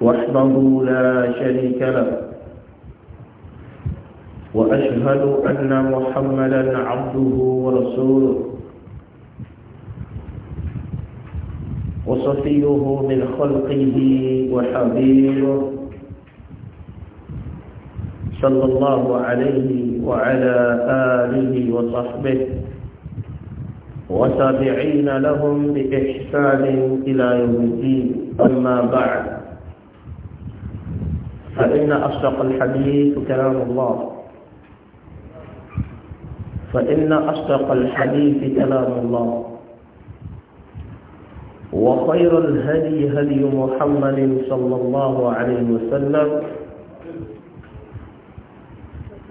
وحده لا شريك له وأشهد أن محمدا عبده ورسوله وصفيه من خلقه وحبيبه صلى الله عليه وعلى آله وصحبه وتابعين لهم بإحسان إلى يوم الدين أما بعد فإن أصدق الحديث كلام الله فإن أصدق الحديث كلام الله وخير الهدي هدي محمد صلى الله عليه وسلم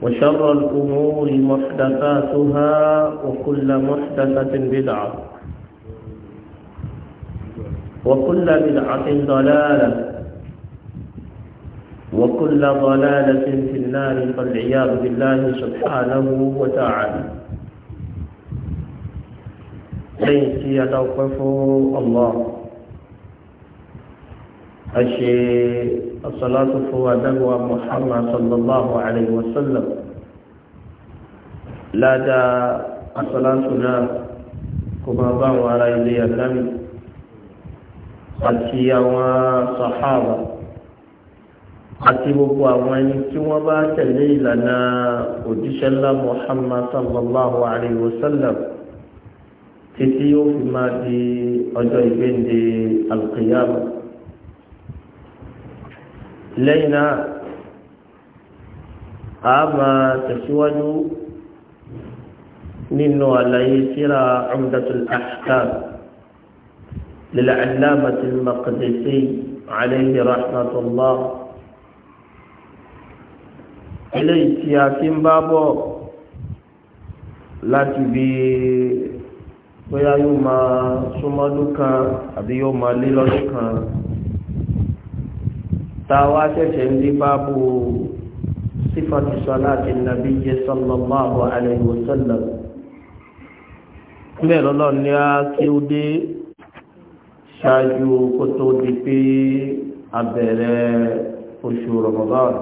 وشر الأمور محدثاتها وكل محدثة بدعة وكل بدعة ضلالة وكل ضلالة في النار فالعياذ بالله سبحانه وتعالى ليس يتوقف الله أشي الصلاة دعوة محمد صلى الله عليه وسلم لا دا الصلاة لا كما ضعوا على يدي النبي قد صحابه àti gbogbo àwọn ẹni tí wọ́n bá tẹ̀lé ìlànà òjíṣẹ́ ńlá Muhammad sallallahu alayhi wa sallam títí yóò fi máa di ọjọ́ ìgbéǹde alqiyama lẹ́yìn náà a máa tẹ̀síwájú nínú àlàyé síra Umdatul Ahkam lil-Allamati al-Maqdisi alayhi rahmatullah. eléyìí tí a ti ń bá bọ̀ láti bí bóyá yóò máa súnmọ́dún kan àbí yóò máa lé lọ́dún kan tá a wá ṣẹ̀ṣẹ̀ ń dé báàbò sífàtì sọláàtì nàbí jẹ́ sallallahu alayhi wa sallam bẹ́ẹ̀ lọ́lọ́ ní a kí ó dé ṣáájú kó tó di pé a bẹ̀rẹ̀ oṣù Ramadan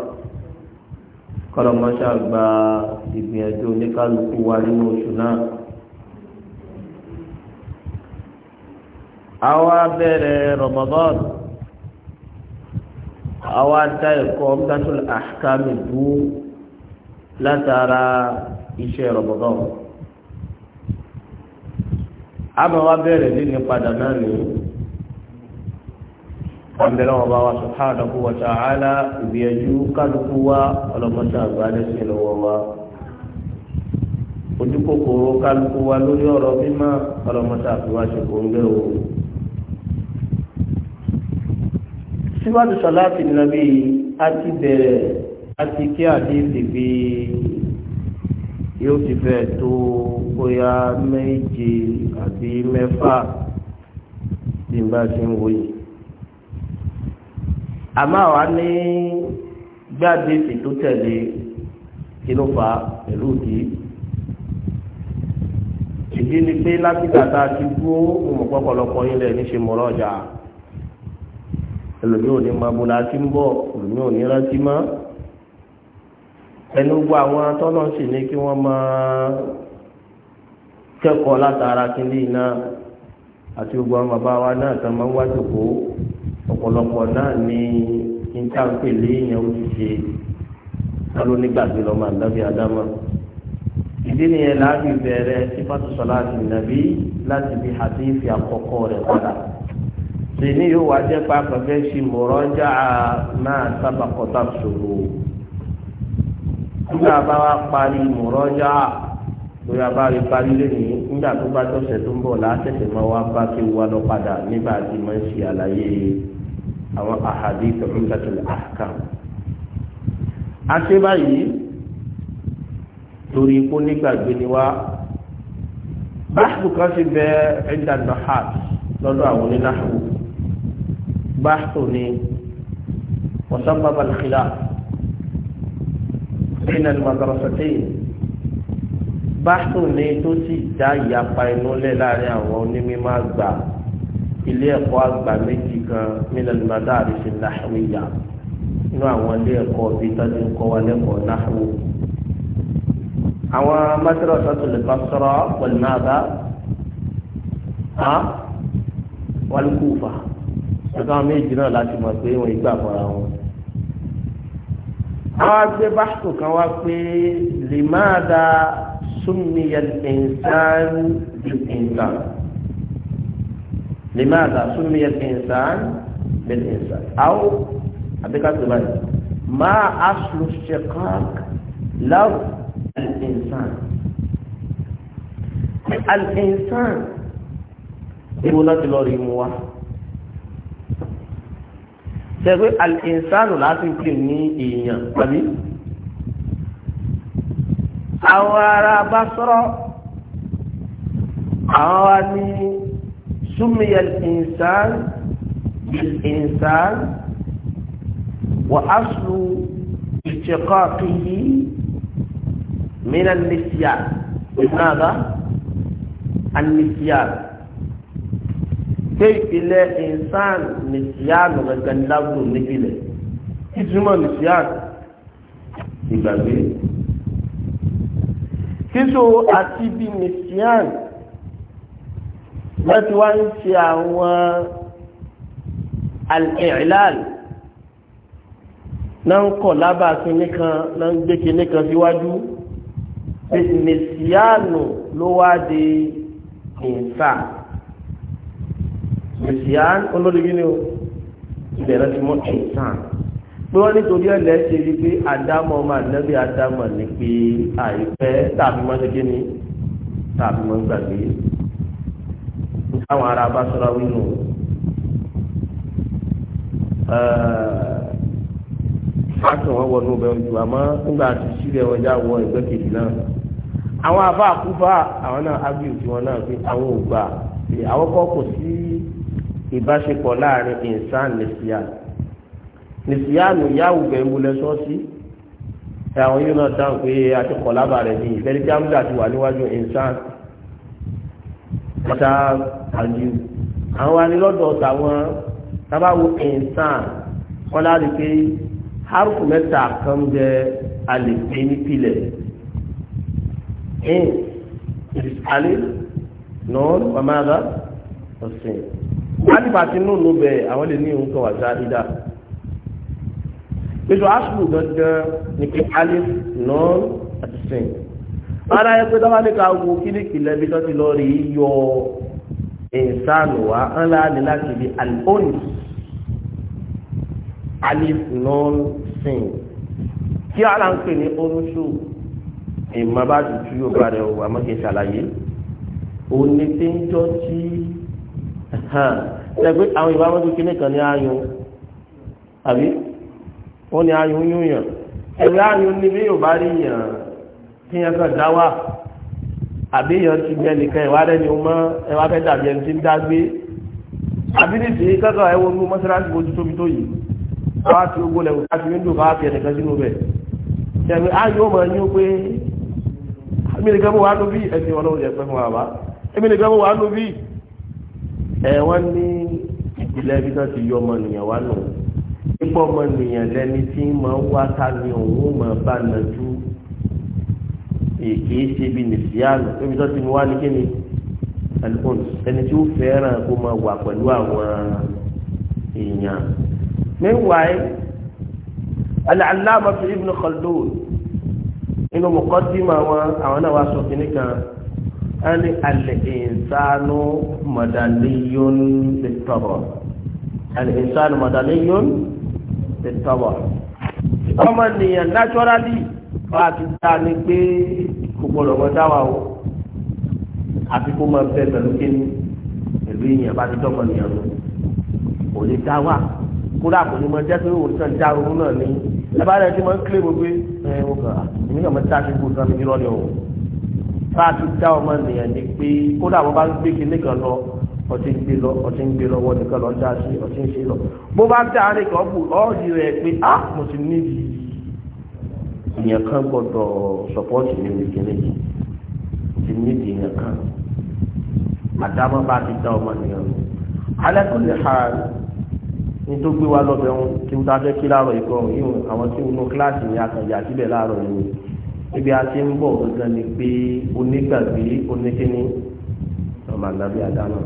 kọlọmọṣà gba ìgbìyànjú oníkálukú wa nínú oṣù náà. àwa bẹ̀rẹ̀ Ramadan àwa dá ẹ̀kọ́ mtatul ahkami dúró látara iṣẹ́ Ramadan. àmọ́ wa nínú padà náà nìyí àbẹ̀rẹ̀ wọn bá wa subhanahu wa ta'ala ìgbìyànjú kálukú wa ọlọ́mọdé àgbálẹ́sẹ̀ lọ́wọ́ wa ojúkòkòrò kálukú wa lórí ọ̀rọ̀ mímọ́ ọlọ́mọdé àfiwáṣe kò ń gbé o. síwájú sọláàtì nàbí a ti bẹ̀rẹ̀ a ti kí àdéhùn bí yóò ti fẹ́ tó bóyá méje àbí mẹ́fà bí n bá ṣe ń wòye àmọ́ àwa ní gbáàdé ètò tẹ̀lé kí ló fa pẹ̀lú òdì ìdí ni pé lágbègbè tá a ti dúró òmò pọ̀pọ̀lọpọ̀ ilẹ̀ níṣe mọ̀rọ̀ ọjà ẹlòmí ò ní máa bó la ti ń bọ̀ ẹlòmí ò ní rántí mọ́ ẹnu gbọ́ àwọn tọ́nà sì ní kí wọ́n máa kẹ́kọ̀ọ́ látara kíndìn náà àti gbogbo àwọn bàbá wa náà tán máa ń wá jòkó ọ̀pọ̀lọpọ̀ náà ní níta-pè léèyàn ó ti ṣe lọ́lọ́ nígbàgbé lọ́mọ àdábì ádámà ìdí nìyẹn láàbì bẹ̀rẹ̀ sífàtú sọláàtì nàbí láti fi ìfì àkọ́kọ́ rẹ̀ padà wa parí abáre parí lónìí nígbà tó bá tọ̀sẹ̀ tó ń bọ̀ láti máa wá bá kí lọ padà nígbà tí ń ṣe àlàyé yìí. àwọn ahadith umdatul ahkam a ṣe báyìí torí kó nígbàgbé ni wá báṣù kan ṣe bẹ ẹ̀dà nahas lọ́dọ̀ àwọn onínáhù báṣù ni وسبب الخلاف بين المدرستين báṣù ni tó sì dá ìyapa inú lẹ̀ láàrin àwọn onímọ̀ àgbà ilé ẹ̀kọ́ àgbà méjì kan nílẹ̀ lùmọ̀dáàrí ṣe náhùwìyà nínú àwọn ilé ẹ̀kọ́ bíi tọ́jú ń kọ́ wa lẹ́kọ̀ọ́ náhùwù. àwọn mẹ́tẹ́rọ̀ sọ́tùlẹ̀ bá sọ̀rọ̀ pẹ̀lú náà bá wọ́n kú fà ẹ̀ka méjì náà láti mọ̀ pé wọ́n ìgbà fọ́ra wọn. àwọn agbé báṣọ kan wá pé lè máa da súnmìyàn ìǹsán ju ìǹsán. لماذا سمي الإنسان بالإنسان أو أبقى ما أصل اشتقاق لفظ الإنسان الإنسان يقول لك لوري موا sẹ́gbẹ́ alìsáàlù láti pè ní èèyàn pàbí àwọn سمي الإنسان بالإنسان وأصل اشتقاقه من النسيان ماذا؟ النسيان كيف إلى إنسان نسيان وغن لفظ نبيله كيف نسيان يبقى كيف أتي بنسيان wọ́n ti wá ń ṣe àwọn al-i'lal náà ń kọ̀ lábà kíní kan náà ń gbé kíní kan síwájú mẹsìánù ló wá di ìǹsà mẹsìánù olórí gíní o ìbẹ̀rẹ̀ ti mọ́ ìǹsà pé wọ́n nítorí ẹ̀lẹ́ ṣe rí pé àdámọ̀ ọmọ ànábì àdámọ̀ ní pé àìpẹ́ tàbí mọ́ ṣe tàbí mọ́ gbàgbé táwọn ará bá sọ̀rọ̀ wínú fásitì wọn wọnú bẹ́ẹ̀ ojú àmọ́ nígbà tí sílẹ̀ wọn já wọ ẹgbẹ́ kejì náà àwọn àbá àkúfà àwọn náà ábíyù tí wọn náà fi àwọn ò gbà àwọn kọ́ kò sí ìbáṣepọ̀ láàrin ìsán nìsíyàn nìsíyàn ìyáwó bẹ́ẹ̀ ń bulẹ̀ sọ́ọ́sì àwọn yóò náà dáhùn pé àti kọ̀lábà rẹ̀ ní ìfẹ́rí jámúdà ti wà níwájú ìsán ọ̀tá àjù àwọn anilọ́dọ̀ ọ̀tá wọn tábàwò ẹ̀ǹsán wọn láti pé harufu mẹ́ta kan bẹ alẹ́ pé nípìlẹ̀ ẹ̀ǹ alẹ́ nọ́ọ̀n pàmáàlà ọ̀sìn alif àti nùnú bẹ àwọn lè ní òun kan wà záídà pẹ̀lú asùlù gangan ni pé alif nọ́ọ̀n àti sìn ara yẹ pé tọ́wọ́ nípa wo kíríkì lẹ́bi tó ti lọ rí yọ ìsánù wa ńlá ní láti di alifóònù alif non sin kí ara ń pè ní oníṣù ìmọ̀ bá ti tú yóò bá rẹ̀ wà mọ́kè ṣàlàyé òní tí ń ṣẹ̀gbẹ́ àwọn ìbámu kíní kan ní ayùn àbí wọ́n ní ayùn yún yàn ẹ̀rọ ayùn ni yóò bá rí yàn kí yẹn kàn dá wà àbí èèyàn ti gbẹ nìkan ẹ̀wá rẹ̀ ni ó mọ́ ẹ̀wá fẹ́ dàbí ẹni tí ń dá gbé àbí nìsí kọ́kọ́ ẹ̀wọ́ ní mọ́sálásí ojú tóbi tó yìí káwá ti ogbó lẹ́wọ̀ káfí wíńdò káwá fi ẹnìkan sínú bẹ̀ ṣẹ̀mí ayé ó mọ̀ ní ó pé èmi nìkan mú wa ló bí ẹ̀sìn ọlọ́run yẹn pẹ́ fún wa bá èmi nìkan mú wa ló bí ẹ̀ wọ́n ní ìpìlẹ̀ ibi náà ti yọ ọmọ nìyẹn wá nù pípọ̀ ọmọ nìyẹn lẹ́ni tí máa ń wá ta ni òun máa bá nàdú èké ṣe bí nìsíyàlù ebi tó ti wá ní kíni ẹlẹ́kùn ẹni tí ó fẹ́ràn kó máa wà pẹ̀lú àwọn èèyàn. meanwhile al-allama ibn khaldun inú muqaddima wọn àwọn náà wá sọ kíní kan ẹni al-insanu madaniyyun bit-tab'a al-insanu madaniyyun bit-tab'a ọmọ nìyẹn naturally bá a ti ta ni pé kò gbọdọ̀ mọ dá wa o àfi kó máa bẹ pẹ̀lú kíni pẹ̀lú ìyẹn bá ti dọ́mọ nìyẹn lọ kò lè dá wa kódà kò ní mọ jẹ́ pé òun kàn já ronú náà ni lábàá rẹ̀ ti máa ń kílè mo pé ẹ wọ́n kà èmi kàn máa ń dáṣe kó sami irọ́ ni o bá a ti dá ọmọ nìyẹn ni pé kódà wọn bá ń gbé kíní kan lọ ọtí ń gbé lọ ọtí ń gbé lọ wọn nìkan lọ ń dá sí ọtí ń ṣe lọ bó bá dá àárẹ̀ kan bù ọ́ọ̀dì rẹ̀ pé á ah, mo ti níbi èèyàn kan gbọ́dọ̀ sọpọ́ọ̀tì ní orí kéré yìí ti ní èèyàn kan àdámọ́ bá ti dá ọmọ nìyẹn lọ alẹ́ lè ha ní tó gbé wa lọ́bẹ̀ wọn kí wọ́n dájọ́ kí láàárọ̀ ikọ̀ yìí àwọn tí wọ́n kíláàsì ní akànjà síbẹ̀ láàárọ̀ yìí ibi a ti ń bọ̀ gangan ni pé onígbàgbé oníkíní ọmọ àgbàbí àdámọ́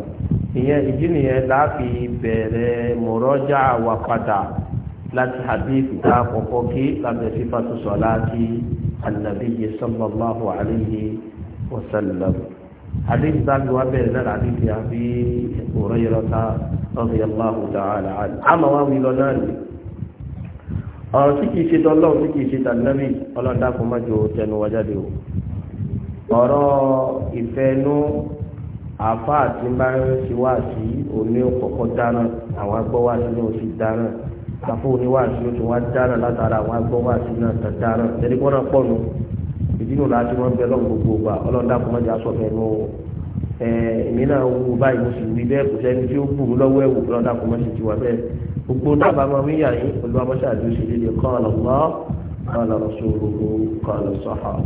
ìyẹn ìdí nìyẹn láàfin bẹ̀rẹ̀ mọ̀rọ́jà wà padà láti hadith tá a kọ́kọ́ kí lábẹ́ sífàtú salati annabiyyi sallallahu alayhi wa sallam. hadith tá a bí wá bẹ̀rẹ̀ náà hadith yà bí Hurayrata radiyallahu ta'ala anhu. àmọ́ wá wí lọ náà ni ọ̀rọ̀ tí kìí ṣe tọ́lọ́ tí kìí ṣe tàbí ọlọ́dàkùn mọ́jọ tẹnu wa jáde ọ̀rọ̀ ìfẹ́nú àfáà tí bá ń ṣe wá sí òní kọ̀kọ́ dáná àwọn agbọ́wá sí ní dáná àfọ oníwàásù tó wá dára látara àwọn agbọ́ wàásù náà tán dára tẹ̀lé kọ́nà pọ̀ nù ìdínú láti wọn bẹ lọ́wọ́ gbogbo wa ọlọ́dà kò má jẹ́ aṣọ mẹ́nu o èmi náà wú báyìí mo sì wí bẹ́ẹ̀ kò sẹ́ni tí ó bù mí lọ́wọ́ ẹ̀wò ọlọ́dà kò má sì ti wà bẹ́ẹ̀ gbogbo dábàá máa ń yà yín olúwa mọ́ṣáà ló ṣe léde kọ́ ọ̀nà mọ́ قال رسوله قال الصحابة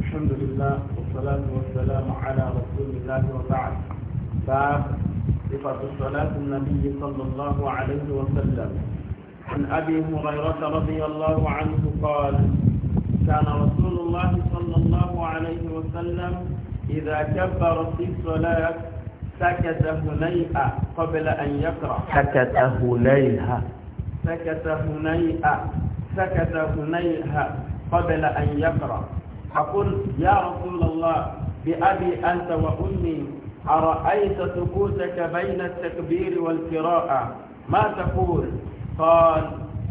الحمد لله والصلاة والسلام على رسول الله وبعد باب صفة صلاة النبي صلى الله عليه وسلم عن أبي هريرة رضي الله عنه قال كان رسول الله صلى الله عليه وسلم إذا كبر في الصلاة سكت هنيئة قبل أن يقرأ سكت هنيئة سكت هنيئة سكت هنيئة قبل أن يقرأ أقول يا رسول الله بأبي أنت وأمي أرأيت سكوتك بين التكبير والقراءة ما تقول قال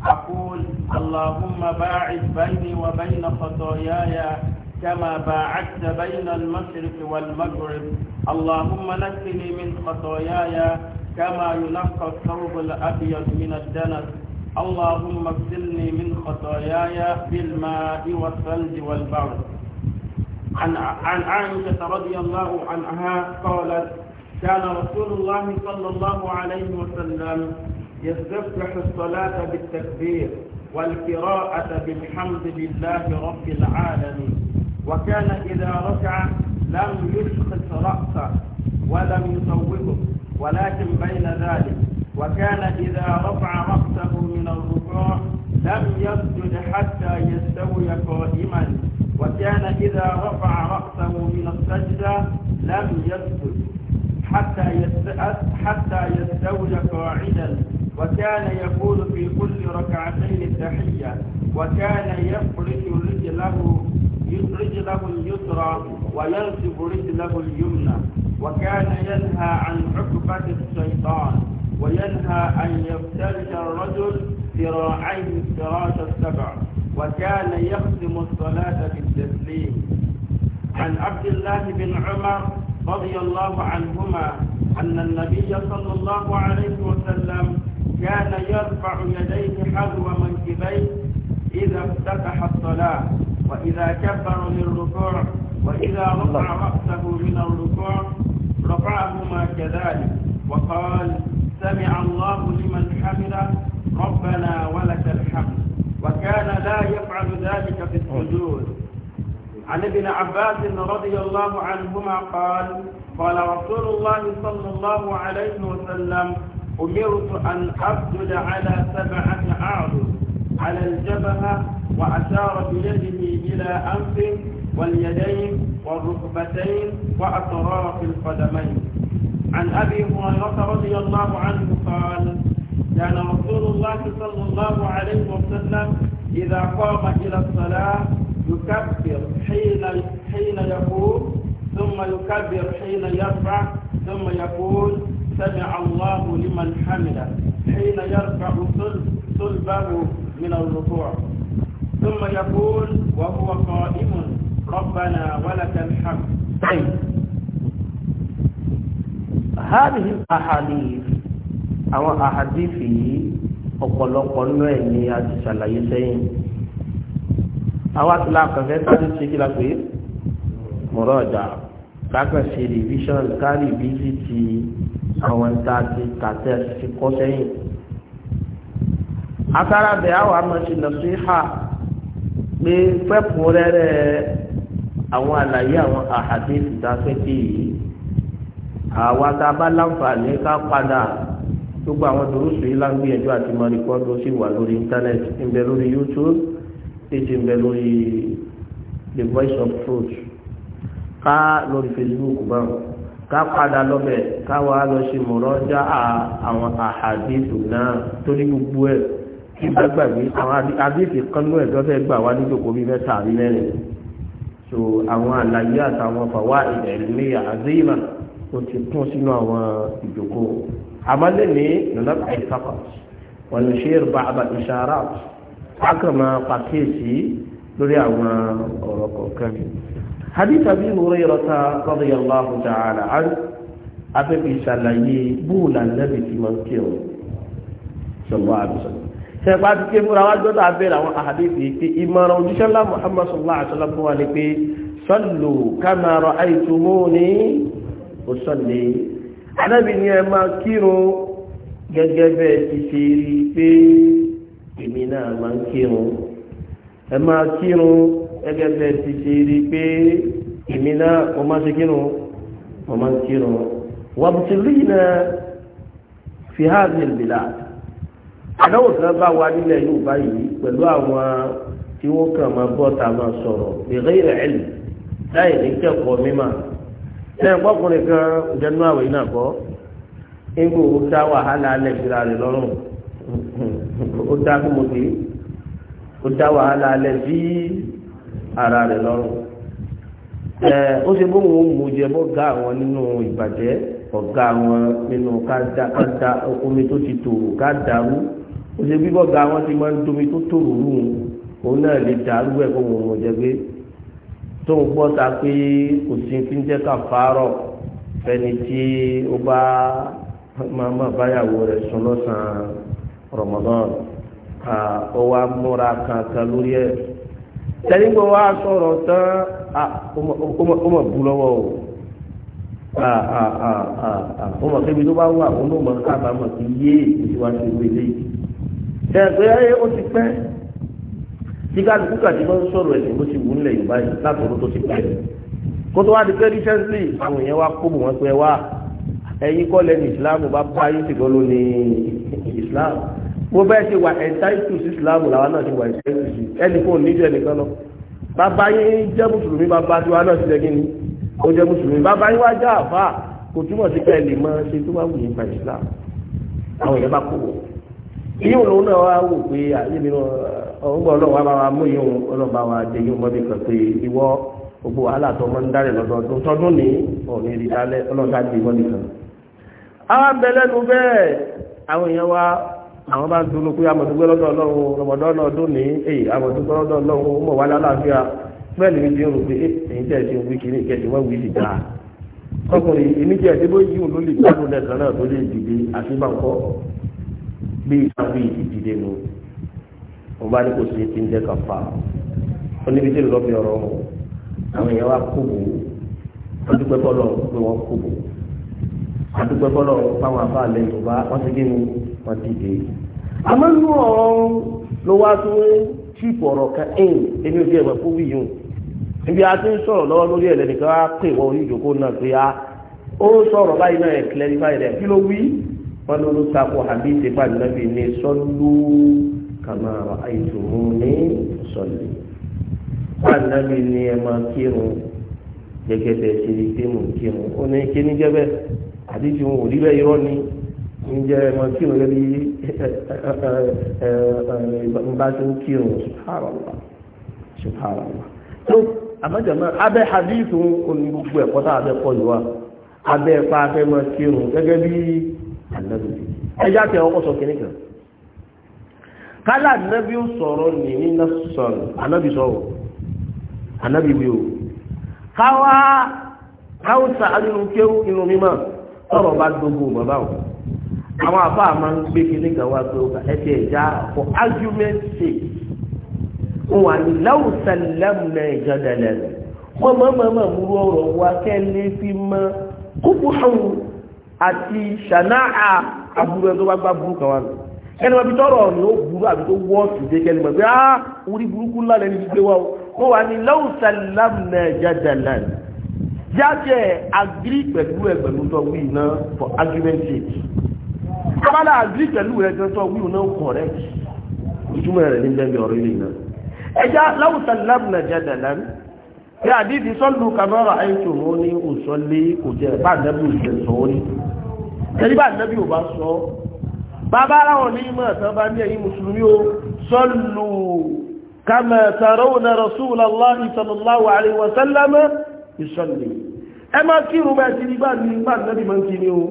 أقول اللهم باعد بيني وبين خطاياي كما باعدت بين المشرق والمغرب اللهم نقني من خطاياي كما ينقى الثوب الأبيض من الدنس اللهم اغسلني من خطاياي بالماء والثلج والبرد عن عن عائشة رضي الله عنها قالت كان رسول الله صلى الله عليه وسلم يستفتح الصلاة بالتكبير والقراءة بالحمد لله رب العالمين وكان إذا ركع لم يشخص رأسه ولم يصوبه ولكن بين ذلك وكان إذا رفع رأسه من الركوع لم يسجد حتى يستوي قائما وكان إذا رفع رأسه من السجدة لم يسجد حتى حتى يستوي قاعدا وكان يقول في كل ركعتين التحية وكان يفرج رجله رجله اليسرى وينصب رجله اليمنى وكان ينهى عن عقبة الشيطان وينهى أن يفترش الرجل ذراعيه الفراش السبع وكان يختم الصلاة بالتسليم عن عبد الله بن عمر رضي الله عنهما أن النبي صلى الله عليه وسلم كان يرفع يديه حذو منكبيه إذا افتتح الصلاة وإذا كبر للركوع وإذا رفع رأسه من الركوع رفعهما كذلك وقال سمع الله لمن حمده ربنا ولك الحمد وكان لا يفعل ذلك في السجود عن ابن عباس رضي الله عنهما قال قال رسول الله صلى الله عليه وسلم أمرت أن أسجد على سبعة أعرض على الجبهة وأشار بيده إلى أنفه واليدين والركبتين وأطراف القدمين عن أبي هريرة رضي الله عنه قال كان رسول الله صلى الله عليه وسلم إذا قام إلى الصلاة يكبر حين حين يقوم ثم يكبر حين يرفع ثم يقول سمع الله لمن حمده حين يرفع صلبه من الركوع ثم يقول وهو قائم ربنا ولك الحمد طيب هذه الأحاديث àwọn àhàdífì yìí ọ̀pọ̀lọpọ̀ nínú ẹ̀ ni a ti ṣàlàyé sẹ́yìn àwọn àti làkànfẹ́ sáré ṣe kí la pé mọ̀rọ̀ ọ̀dà kákan ṣe revision kárí bíìsìtì àwọn tá a ti tàtẹ́ ti kọ́ sẹ́yìn atara bẹ àwọn amọ̀sí nasiha pé pẹ́pù rẹ́rẹ́ àwọn àlàyé àwọn àhàdífì tá fẹ́ dé yìí àwọn tá a bá láǹfààní ká padà gbogbo àwọn dòrósù yìí lágbèyànjú àti máa rìkọ́dù sí wà lórí íńtánẹ́ẹ̀tì ń lórí youtube ètò ń lórí the voice of truth ká lórí facebook báwọn ká padà lọ́bẹ̀ ká wá lọ sí mọ̀rọ́jà àwọn àhàdìsù náà torí gbogbo ẹ̀ kí bá gbàgbé àwọn àdìsù kan ló ẹ̀dọ́ fẹ́ gbà wá níjòkó bí mẹ́ta àbí mẹ́rin so àwọn àlàyé àtàwọn fàwa ìdẹ̀lẹ́yà àzéyìnà ó ti kún sínú àwọn ìjòkó àmọ́lẹ́ni nùnàbà ìfàkọ̀ wọn ní ṣe bàbà ìṣàrà àkàmà pàkíyèsí lórí àwọn ọ̀rọ̀ kọ̀ọ̀kan. hadith Abi Hurayrah radiyallahu ta'ala anhu abẹ́bí ṣàlàyé bóòlà nẹ́bí ti máa ń kí ọ sọ̀rọ̀ àbùsọ̀ ṣẹ̀pá ti ké fúnra wá gbọ́dọ̀ abẹ́rẹ́ àwọn àhàdìsí pé ìmọ̀ràn òjíṣẹ́ ńlá Muhammad sallallahu alaihi wasallam fún wa ni pé sallu kama ra'aytumuni usalli anábì ni ẹ máa kírun gẹ́gẹ́ bẹ́ẹ̀ ti ṣe rí i pé èmi náà máa ń kírun ẹ máa kírun gẹ́gẹ́ bẹ́ẹ̀ ti ṣe rí i pé èmi náà mo máa ṣe kírun mo máa ń kírun wàbùtìlínà fi hàbí ìbìlà àdáwò tí wọ́n bá wà nílẹ̀ Yorùbá yìí pẹ̀lú àwọn tí wọ́n kàn máa bọ́ ta máa sọ̀rọ̀ bi ghayri láì ní kẹ́kọ̀ọ́ mímọ́ lẹ́yìn pọ́kùnrin kan jẹnu àwẹ̀ náà kọ́ ńgbò ó dá wàhálà alẹ́ ìsira rẹ̀ lọ́rùn ó dá fún mo dé ó dá wàhálà alẹ́ bí ara rẹ̀ lọ́rùn ó ṣe bóun ó mú jẹ bọ́gá àwọn nínú ìbàjẹ́ ọ̀gá àwọn nínú káda omi tó ti tòrò ká dàrú ó ṣe bí bọ́gá àwọn ti máa ń domi tó tòrò rú òun náà lè dàrú ẹ̀ kó wọn mọ̀ jẹ tó ń gbọ́ ta pé kò sí fi ń jẹ́ kàfàárọ̀ fẹ́ni tí ó bá máa máa báyàwó rẹ̀ sùn lọ́sàn-án Ramadan ó wá múra kankan lórí ẹ̀ tẹ́lifíwọ́n wá sọ̀rọ̀ tán ó mọ̀ bú lọ́wọ́ o ó mọ̀ kébi tó bá wà ó ló mọ̀ kábàámọ̀ kí yé ìwáṣẹ̀ wẹ̀lẹ̀ ṣe é pé ó ti pẹ́ tí kálukú kàti bá ń sọ̀rọ̀ ẹ̀sìn bó ti wù nílẹ̀ yorùbá yìí látọ̀rọ̀ tó ti pẹ́ kó tó wá di pé recently àwọn èèyàn wá kó bò wọ́n pé wá ẹ̀yin kọ́ lẹ́nu ìsìláàmù bá bá yín sì lọ́lọ́ ní ìsìláàmù bó bẹ́ẹ̀ ṣe wà ẹ̀ńtáìtù sí ìsìláàmù làwọn náà ti wà ẹ̀ńtáìtù sí ẹnì kò níjọ ẹnìkan lọ bàbá yín jẹ́ mùsùlùmí bàbá tiwa náà ti lẹ́gìn ní ó jẹ́ mùsùlùmí bàbá yín wá jẹ́ àfà kò túmọ̀ sí pé ẹ lè máa ṣe tó bá wù yín pa ìsìláàmù àwọn èèyàn bá kó wọ̀ èyí wọn lòun náà wá wò pé àyèmí ọgbọ́n ọlọ́run wa bá mú yíyún ọlọ́run bá wa jẹ yíyún mọ́bí kan pé ìwọ gbogbo ń dárẹ̀ lọ́dọọdún wa àwọn bá ń pé amọ̀dúgbẹ́ lọ́dọ̀ ọlọ́run ọdún ní èyí amọ̀dúgbẹ́ lọ́dọ̀ ọlọ́run mọ̀ wá lálàáfíà bẹ́ẹ̀ ni ti ń rò pé èyí tẹ̀ bí ìsàbí ìdìde nù mo bá ní kò sí ti ń jẹ kàfà ó níbi tí ìlú ọbẹ̀ ọ̀rọ̀ àwọn èèyàn wa kóbò wọ́n dúpẹ́ bọ́lọ̀ pé wọ́n kóbò wọ́n dúpẹ́ bọ́lọ̀ fáwọn afá alẹ́ yorùbá wọ́n ti gé ní wọ́n dìde. àmọ́ inú ọ̀rọ̀ ló wá tún tíìpù ọ̀rọ̀ kan ẹ̀yìn ẹni ojú ẹ̀mọ̀ fún wíyùn níbi a ti ń sọ̀rọ̀ lọ́wọ́ lórí ẹ̀lẹ́nìkan á pè wọ́n orí ìjókòó náà pé a ó sọ̀rọ̀ báyìí náà ẹ̀ wọn ló ló takò hadithi bá ní sọlú kàmá àìtùmúni sọlù bá nàbì ní ẹ máa kírun gẹ́gẹ́ bẹ́ẹ̀ ṣe kírun ó ní kíní jẹ́ bẹ́ẹ̀ wọn ò rí bẹ́ẹ̀ irọ́ ni ń jẹ́ ẹ máa kírun gẹ́gẹ́ bí n bá ṣe ń kírun subhanallah subhanallah tó àmọ́jọ̀mọ́ abẹ́ ní gbogbo ẹ̀kọ́ a bẹ kọ́ yìí abẹ́ ẹ̀kọ́ afẹ́ máa ẹjá tẹ ọkọ sọ kìnnìkan kálá ànábì ó sọ̀rọ̀ ní nínú sọ̀rọ̀ ànábì sọ̀rọ̀ ànábì wí o káwá káwùsà alínú kéwù inú mímọ́ sọ̀rọ̀ bá gbogbo bàbá o àwọn àbá máa ń gbé kìnnìkan wá pé ẹsẹ̀ ẹ̀já for argument sake wọn wà ní láwùsà lẹ́mùnà ìjọdẹ̀lẹ̀ wọ́n mọ̀ọ́mọ̀ múrú ọ̀rọ̀ wa kẹ́lẹ́ fi mọ́ kókó àwọn àti ṣànáà aburú ẹ tó bá gbá burú kan wà lọ ẹni wọn bí tọrọ ni ó burú àbí tó wọ ṣùdé kẹni mọ pé áá ah, orí burúkú ńlá lẹni ti gbé wa o wọn wà ní lọ́wọ́sà lámìnà jàdàlà jáde agiri pẹ̀lú ẹ pẹ̀lú tó wí iná for argument sake kábàlà agiri pẹ̀lú ẹ pẹ̀lú tó wí iná correct ìtumọ̀ rẹ̀ ní bẹ́ẹ̀ bí ọ̀rọ̀ ilé iná ẹja lọ́wọ́sà lámìnà jàdàlà pé àdífi sọ́lù kàmọ́rà àìsàn wọn ní òsọ́lé kò jẹ́ bá nẹ́bí ìjẹ sọ ó ní ẹni bá nẹ́bí ò bá sọ bàbá aláwọ̀ ní ìmọ̀ ẹ̀sán bá ní ẹ̀yìn mùsùlùmí ó sọ́lù kàmọ̀ tarawna rasulullahi sallallahu alaihi wa sallam ìsọ̀lẹ̀ ẹ má kírun bá ti ní bá ní bá nẹ́bí máa ń kiri o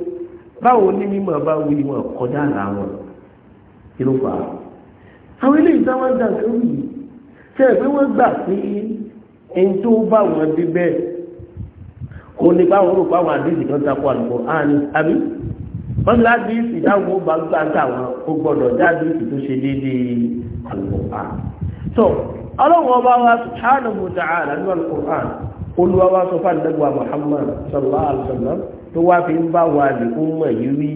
báwo ní mímọ̀ bá wí wọn kọjá ara wọn kí ló fà á àwọn ilé ìdáwọn dàgbẹ́ wì tẹ́ ẹ̀ pé wọ́n gbà pé ẹni tó bá wọn bí bẹ́ẹ̀ ó ní báwọn rò báwọn àdéhùn kan takò àlùkò àní àbí wọ́n ní láti ìsì táwọn ó bá gbà táwọn gbọ́dọ̀ jáde ìsì tó ṣe déédéé àlùkò àní. tó ọlọ́run ọba wa subhanahu wa ní àlùkò olúwa wa sọ fún àdàgbà Muhammad sallallahu alaihi tó wá fi ń bá wa lè kún mọ̀ yìí rí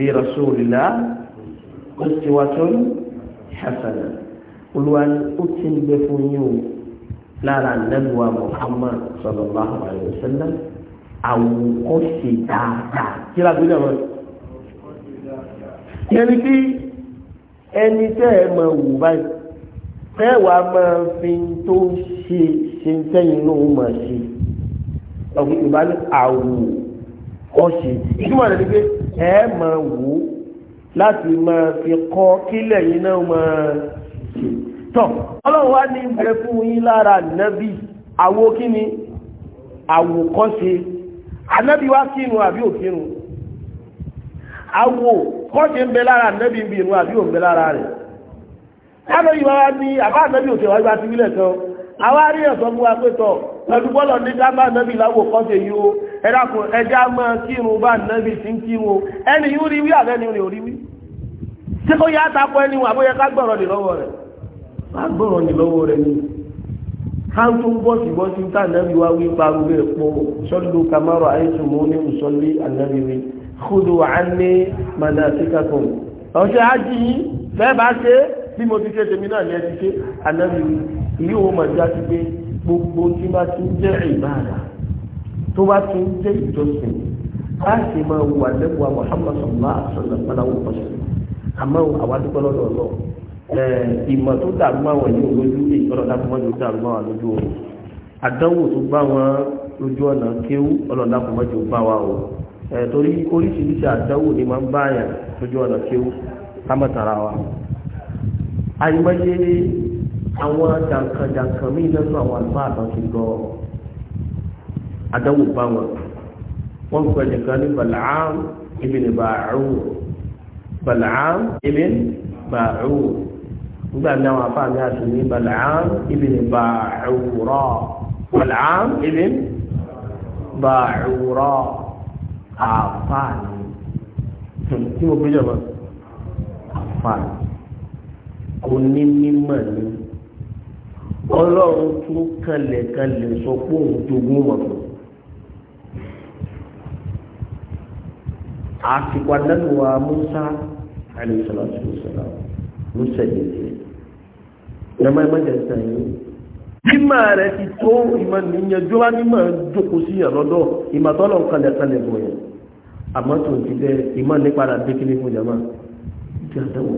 fi rasulillah uswatun hasana olúwa ó ti ń gbé fún yín o lára nàbíwá muhammad sallallahu alayhi wa sallam àwòkọ́ṣe dáadáa kí lábẹ́ náà wọ́n. yẹni kí ẹni tẹ́ ẹ máa wù báyìí tẹ́ wàá máa fi tó ṣe ṣe ń tẹ́yìn náà ó máa ṣe ọ̀gbìn ìbálẹ̀ àwòkọ́ṣe ìtumọ̀ rẹ̀ ni pé. ẹ ma wò láti fi kọ́ kila yi náà máa tọ̀ ọlọ́run wá ní ìbẹ̀rẹ̀ fún lára kí ni àwòkọ́ṣe ànábì wá kírun àbí òkírun àwò ń bẹ lára àbí lára rẹ̀ lábẹ́ yìí wá ní àbá òkè pẹ̀lú bọ́lọ̀ ní dábà nẹ́bì láwò kọ́ ṣe yíó ẹ̀dàkùn ẹjá mọ́ kírun bá nẹ́bì tí ń kírun ẹni yóò rí wí àbẹ́ni ò rí wí tí ó yá takọ ẹni wọn àbóyẹ ká gbọ́rọ̀ ní lọ́wọ́ rẹ̀ ká gbọ́rọ̀ ní lọ́wọ́ rẹ̀ ni ká tó ń bọ́ sí bọ́sí tá nẹ́bì wá wí parú rẹ̀ pọ̀ sọ́lù kamárọ̀ àìsùn mú ní mùsọ́lì ànẹ́bì wí kúdù àní màdàsíkàkùn ọ̀ṣẹ́ gbogbo tí bá ti ń jẹ́ ìbáàdà tó bá ti ń jẹ́ ìjọsìn a sì máa wà lẹ́kọ̀ọ́ Muhammad sallallahu alaihi wasallam paláwo pọ̀ṣẹ̀ àmọ́ àwa lọ́dọ̀ lọ ìmọ̀ tó dàrú máa wọ̀ ní olójú ní ìgbọ́dọ̀ dákúmọ́ ní dàrú lójú o àdánwò tó bá wọn lójú ọ̀nà kéwú ọlọ́dà kò mọ́jú bá wa o torí àwọn jàǹkànjàǹkàn míì lẹ́nu àwọn àlùfáà àtàn ti gbọ́ adáwò bá wọn wọn pè nìkan ní Bal'am ibn Ba'ur Bal'am ibn Ba'ur nígbà ní àwọn afáàmì àti ní Bal'am ibn Ba'ura Bal'am ibn Ba'ura àfáàní tí mo gbé jọba àfáàní onímọ̀ ni ọlọ́run tún kalẹ̀kalẹ̀ sọ pé òun jogún mọ̀tò. àsìkò àdánùwà musa alayisalaatu musala musa jẹjẹ nàmá ẹgbẹ́ jẹ sàn yìí. mímọ̀ rẹ ti tó ìmọ̀ níyànjú wa mímọ̀ jókòó sí yàn lọ́dọ̀ ìmọ̀tọ́lọ̀ kalẹ̀kalẹ̀ bọ̀ yẹn àmọ́ tó ti bẹ́ ìmọ̀ nípadà bí kíní fún jama ti àdáwò.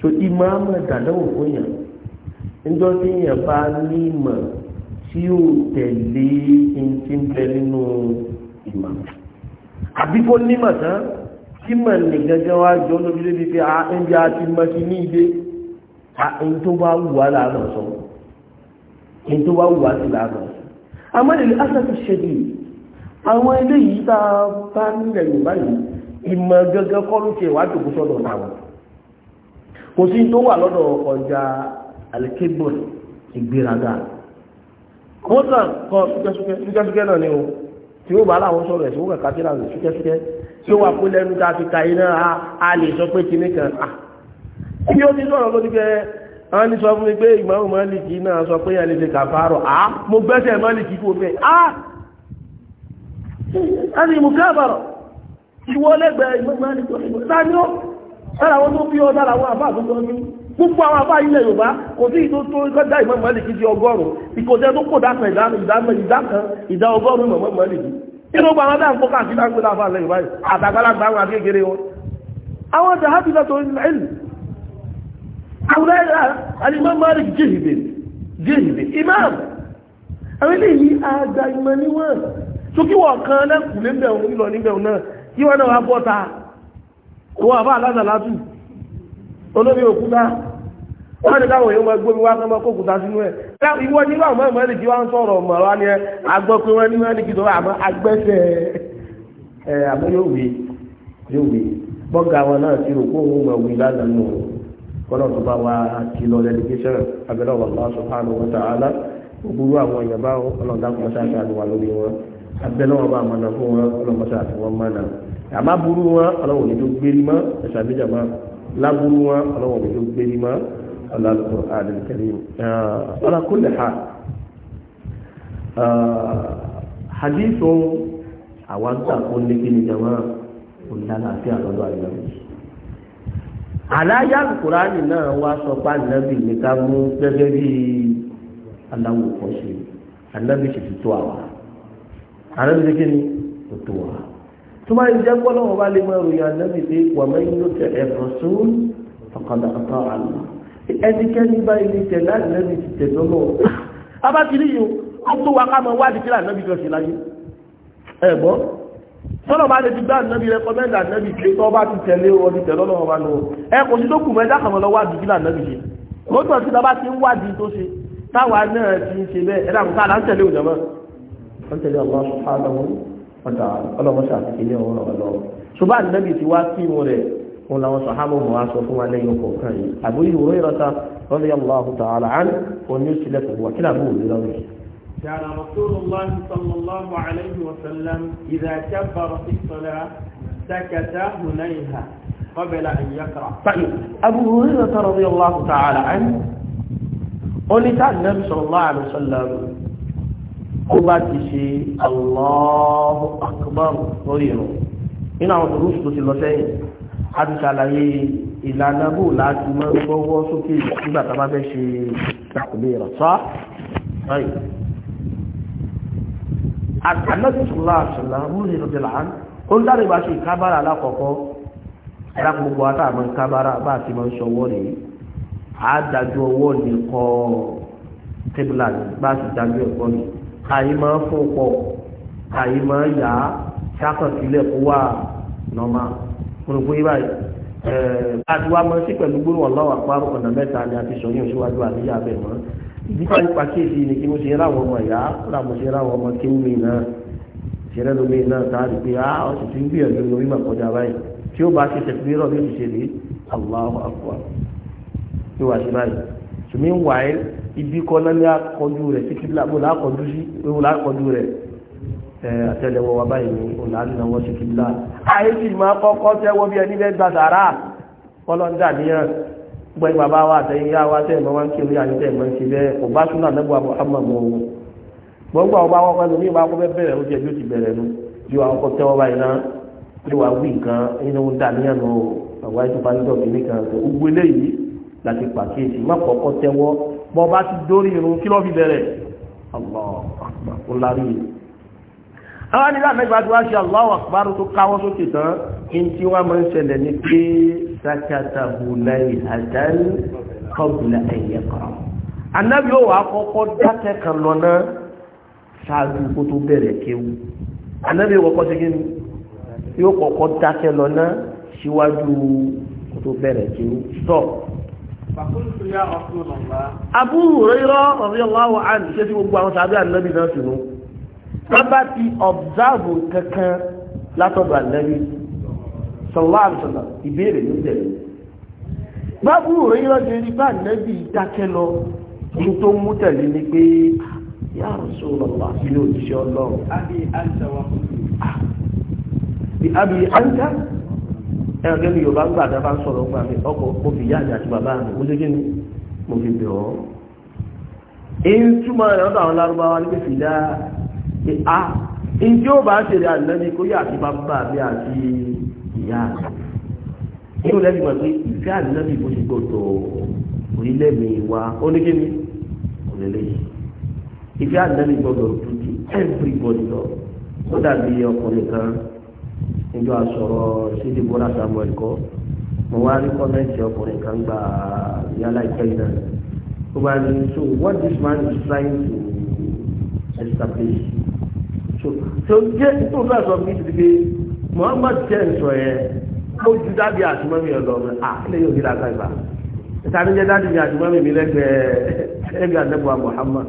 so ìmọ̀ àmọ̀ dàdáwò fún yàn níjọ́ tí yẹn bá ní ìmọ̀ tí ó tẹ̀lé ti ń bẹ nínú ìmọ̀ àbí kó nímọ̀ tán tí mọ̀ ní gẹ́gẹ́ wá jọ lórí lébi pé a ah, ń a ti mọ sí ní ilé a ń tó bá wù wá làánà sọ ń tó bá wù wá sí làánà sọ àmọ́ ìlú asàtì ṣẹ́dí àwọn ilé yìí tá a bá nílẹ̀ yorùbá yìí ìmọ̀ gẹ́gẹ́ kọ́ ló ṣe ìwádìí òkú sọ́dọ̀ táwọn kò sí tó wà lọ́dọ̀ ọjà alikébò ìgbéraga wọ́n kàn kọ́ súkẹ́súkẹ́ náà ni o tí ó bá láwọn sọ̀rọ̀ ẹ̀sìn ó kàn kátìrà rẹ̀ súkẹ́súkẹ́ tí ó wà pé lẹ́nu tá a fi ka iná a lè sọ pé kinní kan à bí ó ti sọ̀rọ̀ ló ti kẹ́ àwọn ní sọ fún mi pé ìmọ̀ràn mọ́lìkì náà sọ pé yẹn lè ṣe kàfàrọ̀ à mo gbẹ́sẹ̀ mọ́lìkì kò fẹ́ à á ní mo fẹ́ àbàrọ̀ ìwọ lẹ́gbẹ̀ẹ́ ìmọ̀ràn mọ́lìkì gbogbo àwọn afá ilẹ̀ yorùbá kò sí ìtò tó kọjá ìmọ̀ mọ́lì kí di ọgọ́rùn-ún ìkòjẹ́ tó kò dákan ìdákan ìdá ọgọ́rùn-ún mọ̀ mọ́lì kí inú gba àwọn dáǹkó káàkiri àwọn afá ilẹ̀ yorùbá àtàgbàlagbà àwọn akékeré wọn àwọn ọjà imam àwọn ilé yìí àgbà ìmọ̀ níwọ̀n tó kí wọ́n kan lẹ́kùn níbẹ̀ òun nílọ níbẹ̀ òun náà kí olómi òkúta wọ́n ti káwọn èèyàn máa gbómi wá kán máa kó òkúta sínú ẹ̀ ìwọ nínú àwọn ọmọ ẹ̀rì kí wọ́n sọ̀rọ̀ mọ̀rọ̀ ni ẹ agbọ́ pé wọ́n ní wọ́n ní kí lọ́wọ́ àmọ́ agbẹ́sẹ̀ ẹ̀ àmọ́ yóò wí yóò wí bọ́gà wọn náà ti rò pé òun máa wí lánàá nù kọ́nà tó bá wa ti lọ lẹ́díkéṣẹ́rẹ̀ abẹ́rẹ́ wà lọ́wọ́ sọ̀hánù wọn tààlà òbúrú àwọn èèyàn bá ọlọ́dà kọ́sá àti àlùwà lábúrú wọn ọlọ́wọ́ mi tó gbé ní ma ọlọ́lọ́kọ̀ àdìkẹ́rì ala kulli hal ah, hadithu àwọn àtàkùn ní kí ni jama òlàlàfíà lọ́dọ̀ àdìkẹ́rì àláyà kùránì náà wá sọ pé ànábì ní ká mú gẹ́gẹ́ bí aláwọ̀ kan ṣe ànábì ṣètò àwa ànábì ṣe kí ni òtò wa tó máa ń jẹ́ pọ́lọ́ wọn bá lè máa ròyìn ànábì pé wà máa ń yóò tẹ̀ ẹ̀fọ́ sún ọ̀kadà ọ̀tá àlọ́ ẹnikẹ́ni bá ilé tẹ̀ láti lẹ́bi ti tẹ̀ lọ́wọ́ abákiri yìí ó tó wa ká máa wádìí kí lànàbì kan sì láyé ẹ gbọ́ sọ́nà bá lè ti gbá ànábì rẹ́kọ́mẹ́ndà ànábì pé tó bá ti tẹ̀lé wọn ti tẹ̀lọ́ lọ́wọ́ bá lọ ẹ kò sí tó mẹ́ta kàn lọ wádìí kí lànàbì ṣe mọ́tò tí bàbá ti ń wádìí tó ṣe táwa náà ti ń ṣe bẹ́ẹ̀ ẹ̀dá kò ká là tẹ̀lé òjò mọ́ ọ̀tà ọlọ́mọṣà àti ilé ọ̀rọ̀ ọlọ́run ṣùgbọ́n àdínábì ti wá kí wọn rẹ̀ wọn làwọn sọ̀hámù wọn aṣọ fún wa lẹ́yìn ọkọ̀ kan yìí Abu Hurairah radiyallahu ta'ala anhu oní ìṣẹ̀lẹ̀ kò wà kí làbú òní lọ́rùn yìí. كان رسول الله صلى الله عليه وسلم إذا كبر في الصلاة سكت هنيها قبل أن يقرأ. طيب أبو هريرة رضي الله تعالى عنه قل صلى الله عليه وسلم kó bá ti ṣe Allahu Akbar lórí irun nínú àwọn tó rúṣù tó ti lọ sẹ́yìn a ti ṣàlàyé ìlànà bò láti mọ́ gbọ́wọ́ sókè nígbà tá a bá fẹ́ ṣe takbira rọ̀tọ́ báyìí. àtàlẹ́sùlá àṣàlá múlùú ìrọ̀jẹ̀ làán ó ń dáre bá ṣe ìkábára alákọ̀ọ́kọ́ ẹ̀rá gbogbo àtàmọ́ ìkábára bá àti mọ́ ṣọwọ́ rèé àádájú ọwọ́ nìkan tébùlà bá sì dájú ẹ̀kọ́ nìkan àyè máa fún pọ̀ àyè máa yá sákànsílẹ̀ kó wà nọ́mà fún pé báyìí àti wá mọ́ sí pẹ̀lú gbóòrò Allahu Akbar ọ̀nà mẹ́ta ni a ti sọ yóò síwájú àníyá abẹ́ mọ́ ìdíkà nípa kéèsì ni kí mo ṣe ráwọn ọmọ ìyá láwọn ṣe ráwọn ọmọ kí mi náà ṣẹlẹ̀ lómi náà táàrí pé á ọ̀sì tí ń gbìyànjú lórí màkọjá báyìí tí ó bá ṣe tẹ̀síwérọ̀ bí ó ti ṣe rí Allahu Akbar tí ó wà báyìí ṣùgbọ́n wàá ibi kan náà ní akọjú rẹ̀ sí kíbla bó lákọjú sí ewu lákọjú rẹ̀ àtẹ́lẹwọ́ wa báyìí ní òlànàwọ́ sí kíbla ayé sì máa kọ́kọ́ tẹ́wọ́ bí ẹni bẹ́ gba sàrà kọ́lọ́ńdà níyàn gbọ́ ìgbà bá wà tẹ́yìn yá wa tẹ́ẹ̀mọ́ wá ń kí orí àyíkẹ́ ìmọ̀ ń ṣe bẹ́ẹ̀ kò bá súnà lẹ́gbọ́ àbọ̀ àmọ̀mọ́ wọn gbọ́ngbà ọba wọn pẹ̀lú wá ń kí bọ́ bá ti dórí irun kí ló fi bẹ̀rẹ̀ Allahu Akbar ó lárí yìí àwọn nílá mẹ́gbàá tí wá ṣe Allahu Akbar tó káwọ́ sókè tán in tí wọ́n máa ń ṣẹlẹ̀ ní pé sakata bùnàì àdáni kọ́bùnà ẹ̀yẹ kan anábì ó wà kọ́kọ́ Abu Hurairah radiyallahu anhu ṣe tí gbogbo àwọn tàbí ànábì náà sínú wọ́n bá ti ọ̀bzáàbù kankan látọ̀dọ̀ ànábì sallallahu alaihi wasallam ìbéèrè ló tẹ̀lé bábú Hurairah ṣe rí bá ànábì dákẹ́ lọ ní tó mú ẹran kẹ́mi yorùbá ń gbà tá a bá ń sọ̀rọ̀ ń gbà mí ọkọ̀ mo fi yá àti bàbá mi mo ṣe kí mo fi bẹ̀ ọ́. èyí túmọ̀ rẹ̀ ọ̀dọ̀ àwọn lárúbáwá ní fífi dá pé a ìdí ó bá ṣèrè ànábi kó yá àti bàbá mi àti ìyá mi. inú lẹ́bi mọ̀ pé ìfẹ́ ànábi bó ṣe gbọ́dọ̀ orílẹ̀ mi wá ó ní kí ni òrèlè yìí ìfẹ́ ànábi gbọ́dọ̀ dúdú everybody lọ ó dàbí ọkùnrin kan níjọ àsọ̀rọ̀ sídìí bọ́lá samuel kọ́ mo wá rí kọ́mẹ́ǹtì ọkùnrin kan gba yálà ìfẹ́ náà bá ní so what this man is trying to establish so so jẹ́ tó fẹ́ sọ fún mi ti pé muhammad jẹ́ nsọ yẹn ó ju dábì àtúmọ̀mí ọ̀dọ́ mi ah, à ilé yóò fi ra ká ìgbà ìtàn jẹ́ dábì ní àtúmọ̀mí mi lẹ́gbẹ̀ẹ́ ẹgbẹ́ àdẹ́bùwà muhammad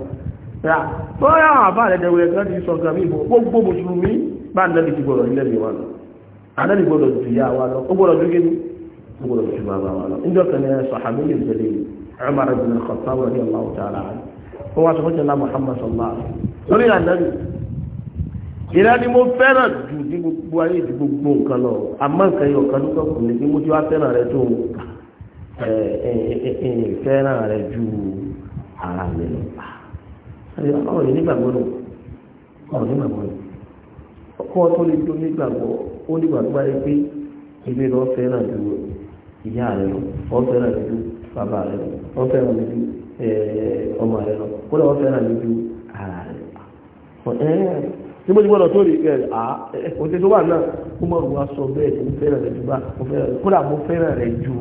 bóyá àwọn àbá rẹ̀ dẹ̀wẹ̀ kan ti sọ nǹkan mi bò gbogbo mùsùlùmí bá ń dẹ́bi ti gbọ̀rọ̀ ilé mi wà lọ ànábì gbọ́dọ̀ ju ìyá wa lọ ó gbọ́dọ̀ ju gẹ́gẹ́ ó gbọ́dọ̀ ju bàbá wa lọ níjọ́ kan ní sàhábí yìí tẹ̀lé Umar ibn al-Khattab radiyallahu ta'ala anhu ó wá sọ fún jẹ́lá Muhammad sallallahu alaihi wasallam lórí ànábì ìlà ni mo fẹ́ràn ju ní gbogbo ayé ju gbogbo nǹkan lọ àmọ́ nǹkan yìí ọ̀kan lókọ̀ kù ní mo ti wá fẹ́ràn rẹ tó fẹ́ràn rẹ ju ara mi lọ. àwọn yìí nígbàgbọ́ náà àwọn yìí nígbàgbọ́ kó ọ tó lè tó nígbàgbọ́ ó nígbà tó bá yẹ pé èmi lọ fẹ́ràn ju ìyá rẹ lọ ọ fẹ́ràn ju bàbá rẹ lọ ọ fẹ́ràn ju ọmọ rẹ lọ kódà ọ fẹ́ràn ju ara rẹ tí mo ti gbọ́dọ̀ tó rí ẹ à òtí tó wà náà kó mọ̀ wá sọ bẹ́ẹ̀ tó fẹ́ràn rẹ ju bá mo fẹ́ràn rẹ kódà mo fẹ́ràn rẹ ju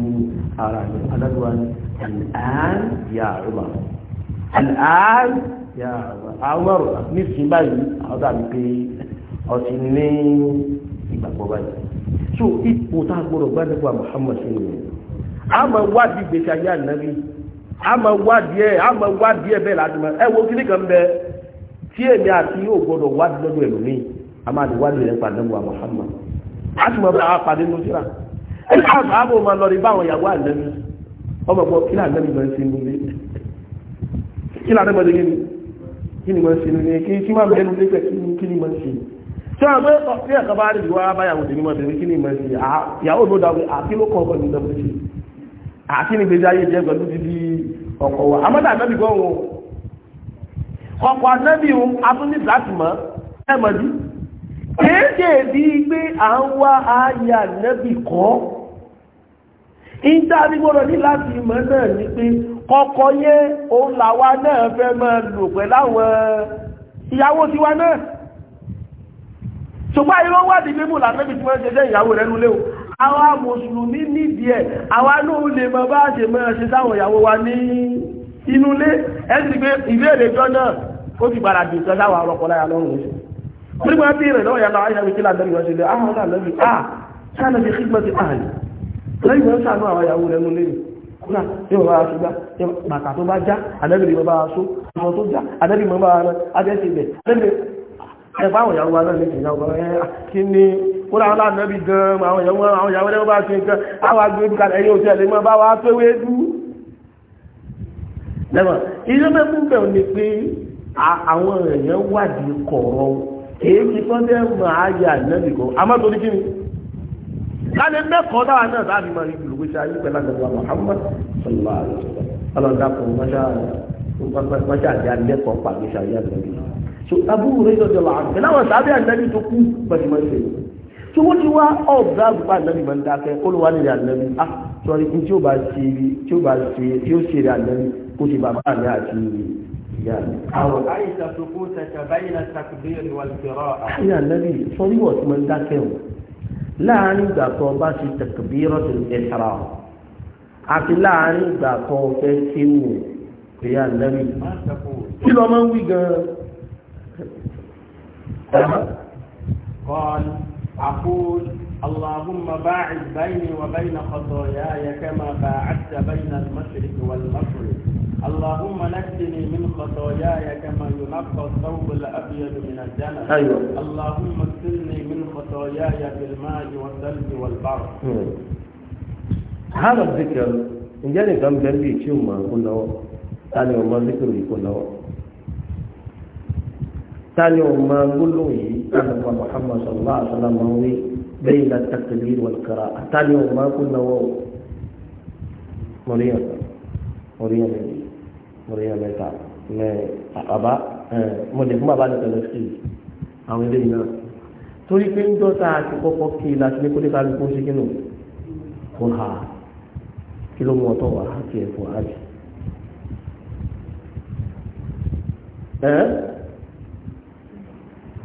ara rẹ adájọ́ àlàn yà rúbà àlàn yà rúbà àwọn ọ̀rọ̀ nísìnyí báyìí àwọn dàbí pé ọtí ní ìgbàgbọ́ báyìí so ipò tá a gbọ́dọ̀ gbá nípa Muhammad sí ni a máa wádìí gbèsè ayé ànábì a máa wádìí ẹ a máa wádìí ẹ bẹ́ẹ̀ láti máa ẹ wo kíní kan bẹ tí èmi àti yóò gbọ́dọ̀ wádìí lọ́dọ̀ ẹlòmíì a máa lè wádìí rẹ pa nípa Muhammad a sì máa bẹ àwọn pàdé nínú síra ẹ ní àwọn àbò máa lọ rí báwọn ìyàwó ànábì ọmọ pọ kí làá nẹ́bí máa ń sinú lé kí làá nẹ́bí máa ń sinú lé kí ni máa ń sinú lé kí ni máa ń bẹ́ẹ̀ nínú lé kí ni máa ń sinú lé tí wọ́n gbé ní ẹ̀kọ́ bá rí ìwà báyàwó tèmi mọ́ tèmi kí ni sí ló dáwé àti ló wa o ọkọ̀ o atúndì láti mọ́ ẹ mọ̀ dí kéèké bí pé à ń wá ayé kọ́ ìjà ní gbọ́dọ̀ ní láti náà ni pé kọ́kọ́ òun làwa náà ṣùgbọ́n ìwọ́n wádìí mímú làmẹ́bí tí wọ́n jẹjẹ́ ìyàwó rẹ̀ nulé o àwa mùsùlùmí nídìí ẹ̀ àwa náà lè mọ bá ṣe mọ́ ṣe sáwọn ìyàwó wa ní inú ilé ẹ̀sì pé ìbéèrè jọ náà ó ti bára dùn sáwọn ọ̀rọ̀kọ̀ láyà lọ́rùn oṣù nígbà ah, ah, tí ìrìn náà yàtọ̀ àyàwó kí làdẹ́bí wọ́n ṣe lé àwọn làdẹ́bí à sálẹ̀bí kíkọ́ ti ààyè lẹ́yìn wọ́n sànú àwọn ìyàwó rẹ̀ nulé náà yóò bá aṣọ gbá bàtà tó bá já àdẹ́bí mọ́ ẹgbà àwọn ìyàwó náà ní ìyàwó ah, kí ní kó láwọn láàrín gan àwọn ìyàwó àwọn ìyàwó lẹ́wọ́ bá ṣe nǹkan àwọn agbẹ́bí kalẹ̀ ẹ̀yìn òṣèlè mọ́ bá wá pé wé dú lẹ́wọ̀n ilé mẹ́fún bẹ̀ ni pé àwọn èèyàn wádìí kọ̀ọ̀rọ̀ èyí ti tọ́ dẹ́ máa yà nẹ́bì kan àmọ́ torí kí ni láti mẹ́kọ̀ọ́ dáwà náà láti máa so Abu Hurairah radiyallahu anhu láwọn sábẹ́ ànábì tó kú pẹ̀lúmọ̀ ṣe tí wọ́n ti wá ọ̀gá àgbà ànábì ń dákẹ́ olùwà nílẹ̀ ànábì ah sọrí kí tí ó bá ṣe tí ó bá ṣe tí ó ṣe rẹ̀ ànábì kó ṣe bàbá àmì àti ìyá àwọn àyíṣà tó kó tẹ̀sẹ̀ báyìí wal qira'a. àyè ànábì sọrí wọ̀ tí máa ń dákẹ́ o láàrin ìgbà tó bá ṣe takbiratul ihram àti láàrin ìgbà tó fẹ́ kéwù ìyá ànábì kí lọ́ قال أقول اللهم باعد بيني وبين خطاياي كما باعدت بين المشرق والمغرب اللهم نجني من خطاياي كما ينقى الثوب الابيض من الدنس أيوة. اللهم اغسلني من خطاياي بالماء والثلج والبر هذا الذكر ان جاني كم جنبي شو ما كله ثاني يوم ذكر يكون tani o ma gbólóhùn yìí alùpùpù muhammad sallallahu alaihi wa sallam wí bẹ́ẹ̀ ilà tàkìlì wàlùkàrà tani o ma kó lọ́wọ́ o mọ̀ríyàn mọ̀ríyàn mẹ́rin mọ̀ríyàn mẹ́ta mẹ́ àbá mo lè fún bàbá mi pẹ̀lú sí i àwọn eléyìí náà torí pé ń dọ́ta àti kọ́kọ́ kí i láti ní kó lè ká lóko sí kínú kó ha kí ló mú ọtọ wà á tiẹ̀ fún àjẹ.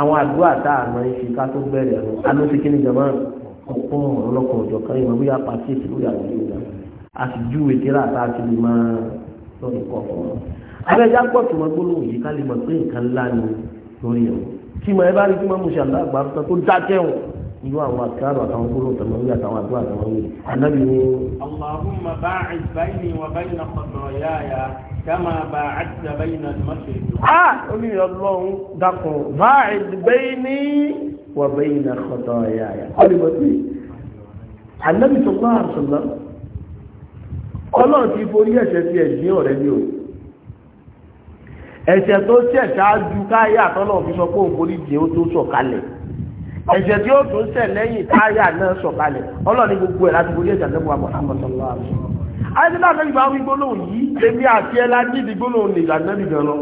àwọn àdúrà tá a máa ń ṣe ká tó bẹ̀rẹ̀ ọ̀rọ̀ alóṣè kí ni jọba ọ̀pọ̀ ọlọ́kọ̀ ọ̀jọ̀ kan ìmọ̀ bóyá pàṣẹ́sì lórí àwọn ìlú ìgbà àti ju ìtẹ́rà tá a ti lè máa lọ́nà kọ̀ ọ̀rọ̀. abẹ́jà pọ̀ tó mọ gbólóhùn yìí ká lè mọ̀ pé nǹkan ńlá ni lórí ẹ̀rọ tí mo ẹ bá rí tí mo mú ṣàlá àgbà tó dákẹ́ wọn irú àwọn àkàrà àtàwọn gbólóhùn tọmọ wí àtàwọn àdúrà tọmọ wí. anábì ni. Allahumma ba'id bayni wa bayna khataaya kama bá àtìyà báyìí náà ti má ṣe ètò. a olùyọ lọ́hún dàpọ̀ bá àìdìbẹ́yìn ní wà bẹ́yìn náà kọ́tọ̀ ẹ̀yà ẹ̀yà. ọlùmọ̀ sí ànábì tó bá àṣọlá ọlọ́run ti forí ẹ̀ṣẹ̀ sí ẹ̀jìn ọ̀rẹ́ ni o ẹ̀ṣẹ̀ tó ṣẹ̀ ṣáájú káyà àtọ́nà fi sọ pé òun forí jìn ó tó sọ̀kalẹ̀ ẹ̀ṣẹ̀ tí ó tún ṣẹ̀ lẹ́yìn káyà náà sọ̀kalẹ̀ ọlọ́run gbogbo ẹ̀ láti forí ẹ̀ṣẹ̀ àtẹ́kùn àbọ̀ ayélujára anábì bá wí gbólóhùn yìí èmi àti ẹ la ní ìdí gbólóhùn ní ìlànà anábì gan lọ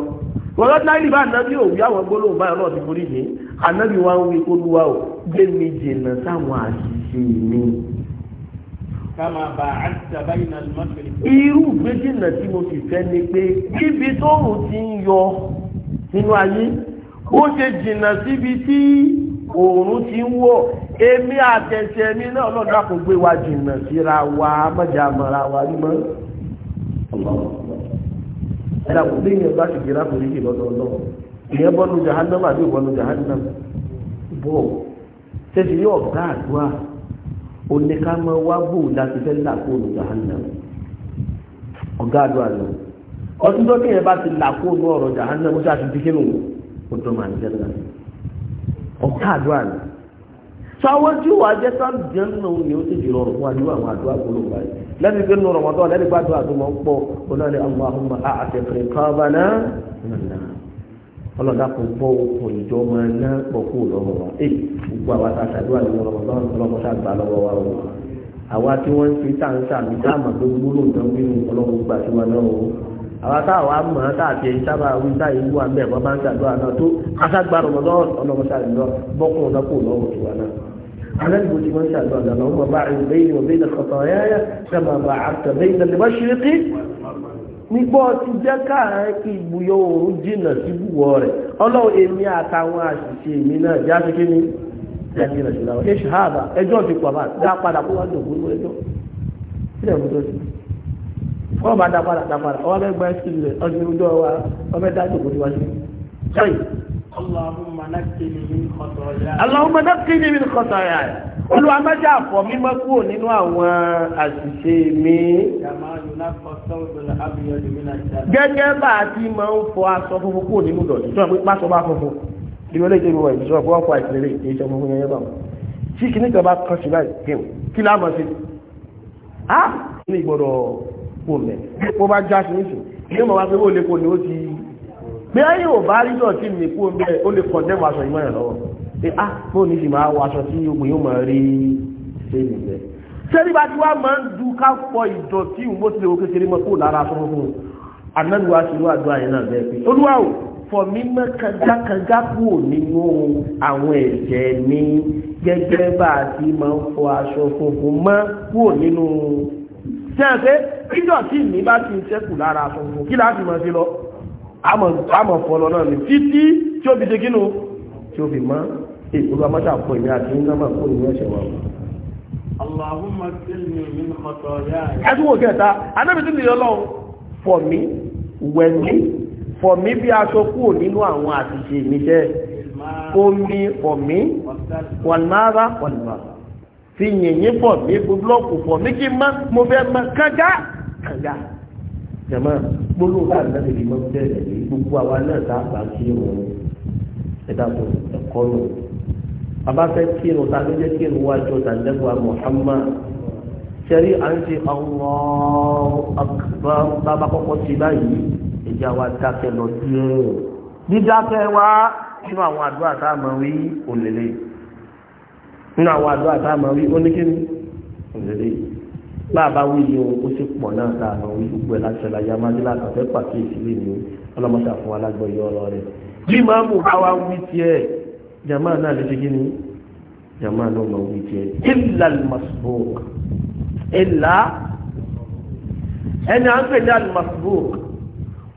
wọn lọ náà ìbá anábì òwú àwọn gbólóhùn báyọ̀ náà ti borí yìí anábì wa ń wí kólúwa o gbé mi jìnnà sáwọn àṣìṣe mi. kama bá a ti sábà yìí náà lọ́mọ́ fèrè. irú gbẹ́jìnà tí mo sì fẹ́ ni pé ibi tóòrùn ti ń yọ nínú ayé ó ṣe jìnnà síbi tí òòrùn ti ń wò èmi àtẹ̀sẹ̀ mi náà lọ́dún àpò gbé wa jìnnà síra wa mọ̀jà mọ̀ra wa rí mọ́. ẹ̀dá kò bí ìyẹn bá ti gbéra kò ní kí lọ́dọ̀ ọlọ́wọ́ ìyẹn jahannam àbí jahannam bọ́ wá bò láti fẹ́ làkóònù jahannam ọ̀gá àdúrà lọ bá ti làkóònù ọ̀rọ̀ ọ̀gá àdúrà ni sáwọn tí wàá jẹ́ sáà jẹ́ nínú ni ó ti jù lọ rọ̀kùn àdúrà àwọn àdúrà gbọ́dọ̀ báyìí lẹ́nu pé nínú rọ̀mọ́tọ́ lẹ́nu pé àdúrà tó máa ń pọ̀ ọlọ́ni Allahumma àtẹ̀kẹ̀rẹ̀ kábàánà ọlọ́dà kò bọ́ òkun ìjọ máa ná pọ̀kú lọ́wọ́ wa ẹ̀ gbogbo àwa ta ṣàdúrà nínú rọ̀mọ́tọ́ ọlọ́mọṣà gbà lọ́wọ́ wa o àwa tí wọ́n ń fi táǹsà mi táàmà tó gbólóǹtàn nínú ọlọ́run gbà sí wa náà o àwọn táwọn àmọ́ káàkiri sábà wí táyé wú àmì ẹ̀mọ́ bá ń ṣàdúrà náà tó aṣágbá rọmọdán ọlọmọṣàlùlọ bọ́kùn ọ̀dọ́kùn lọ́wọ́ tó wà náà. على الوجه ما شاء الله اللهم باعد بيني وبين خطاياي كما باعدت بين المشرق nígbọ́ ti jẹ́ káàkiri ìbúyọ oòrùn jìnnà sí búwọ́ rẹ̀ ọlọ́run èmi àtàwọn àṣìṣe èmi náà já sí kí ní ẹ̀jìnà sí láwọn ẹ̀ṣù háàbà ẹjọ́ ti pàmà dá padà kó wá dògbò ní ẹjọ́ sílẹ̀ mú tó sí wọ́n bá dá padà dá padà ọwọ́ bẹ́ẹ̀ gba ẹsẹ̀ rẹ̀ ọdún ojú ọwọ́ ọmọ ẹ̀dá ìjòkó ti wá sí. sọ́yì. Allahumma naqqini min khataaya. Olúwa má jẹ́ àfọ̀ mi mọ́ kúrò nínú àwọn àṣìṣe mi. Gẹ́gẹ́ bá a ti máa ń fọ aṣọ funfun kúrò nínú dọ̀tí. Sọ pé pásọ bá funfun. Ìwé lè jẹ́ ìwọ̀ ìṣọ́ fún ọkọ̀ àìsílẹ̀ èyí sọ funfun yẹn bá wọn. Tí kìíní kan bá kọ́ sí báyìí, kí lámọ̀ sí? Á ní ìgbọ́dọ̀ kò mẹ́ kó bá já sí nìṣó ní mọ̀ wá pé ó lè kó ni ó ti bí ayé ò bá rí dọ̀tí mi kó mẹ́ ó lè kọ̀ndẹ́mù aṣọ ìmọ̀ rẹ̀ lọ́wọ́ pé á ah, bó ní sì máa wọ aṣọ tí ogun yóò máa rí ṣe nìyẹn sẹ́ni bá ti wá máa ń du ká pọ̀ ìdọ̀tí ìwọ́n mo ti lè wo kékeré mọ́ kó lára aṣọ fún un anáduwa ṣe wá dùn àyẹ̀ náà bẹ́ẹ̀ pé olúwa o fọ mímọ́ kanjákanjá kúrò nínú àwọn ẹ̀jẹ̀ ní gẹ́gẹ́ bá a ti máa ń fọ aṣọ funfun mọ́ kúrò nínú ṣe é pé ìjọ tí mi bá ti ń ṣẹ́kù lára funfun kí láti mọ̀ sí lọ àmọ̀ fọlọ náà ni títí tí ó fi ṣe kínú tí ó fi mọ́ ìgbòho amọ́ta fún ìmí àti iná máa fún ìmí ọ̀ṣẹ̀ wa. Allahumma silmi min mi yọ lọ́wọ́ fọ̀ mí, ti yìnyín bọ̀ mí bu blọ́ọ̀kù bọ̀ mí kí n má mo fẹ́ má kànga kànga jama gbólóhùn ká nínú ìdí mọ́ bẹ́ẹ̀ gbogbo àwa náà tá a gbà kí n wọn ẹ̀dá tó ẹ̀kọ́ nù bàbá fẹ́ kí n ta ló jẹ́ kí n wájú ọ̀tà lẹ́gbàá Muhammad sẹ́rí à ń ṣe Allahu Akbar bàbá kọ́kọ́ ṣe báyìí ìjà wa dákẹ́ lọ sí ẹ̀rọ dídákẹ́ wa nínú àwọn àdúrà tá a máa wí òlélẹ́yìí nínú àwọn àdúrà tá a máa wí oníkíní òṣèré báàbá wí yìí ohun ó sì pọ̀ náà tá a máa wí gbogbo ẹ̀ láti ṣẹlẹ̀ ayé amájú látàfẹ́ pàkíyèsí lè ní ọlọ́mọṣà fún alágbọ̀yé ọ̀rọ̀ rẹ̀ bí máa mú bá wa wí tiẹ̀ jàmáà náà lè ṣe kí ni jàmáà náà máa wí tiẹ̀ ìlà masbuk ìlà ẹni à ń pè ní masbuk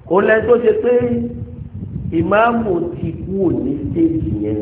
kò lẹ́ tó ṣe pé ìmáàmù ti kú òní stéèjì yẹn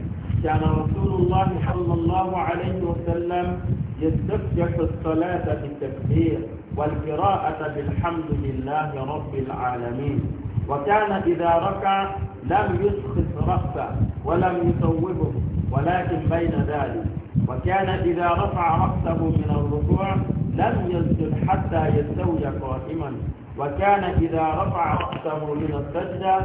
كان رسول الله صلى الله عليه وسلم يستفتح الصلاة بالتكبير والقراءة بالحمد لله رب العالمين وكان إذا ركع لم يسخط رأسه ولم يصوبه ولكن بين ذلك وكان إذا رفع رأسه من الركوع لم يسجد حتى يستوي قائما وكان إذا رفع رأسه من السجدة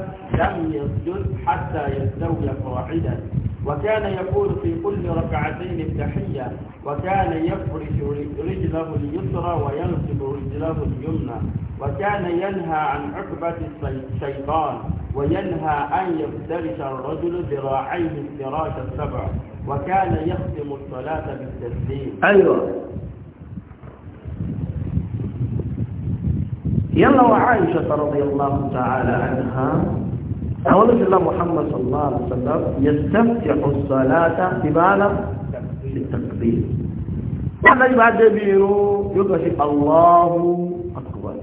لم يسجد حتى يستوي قاعدا وكان يقول في كل ركعتين التحية وكان يفرش رجله اليسرى وينصب رجله اليمنى وكان ينهى عن عقبة الشيطان وينهى أن يفترش الرجل ذراعيه افتراش السبع وكان يختم الصلاة بالتسليم أيوة يلا وعائشة رضي الله تعالى عنها àwọn olùsílá Muhammad sallallahu alaihi wa sallam yẹsẹ̀fì ọ̀sọ̀láta ìbáàlá ìtàkìlì adájú bá débi irun yóò kàn sí Allahu akbar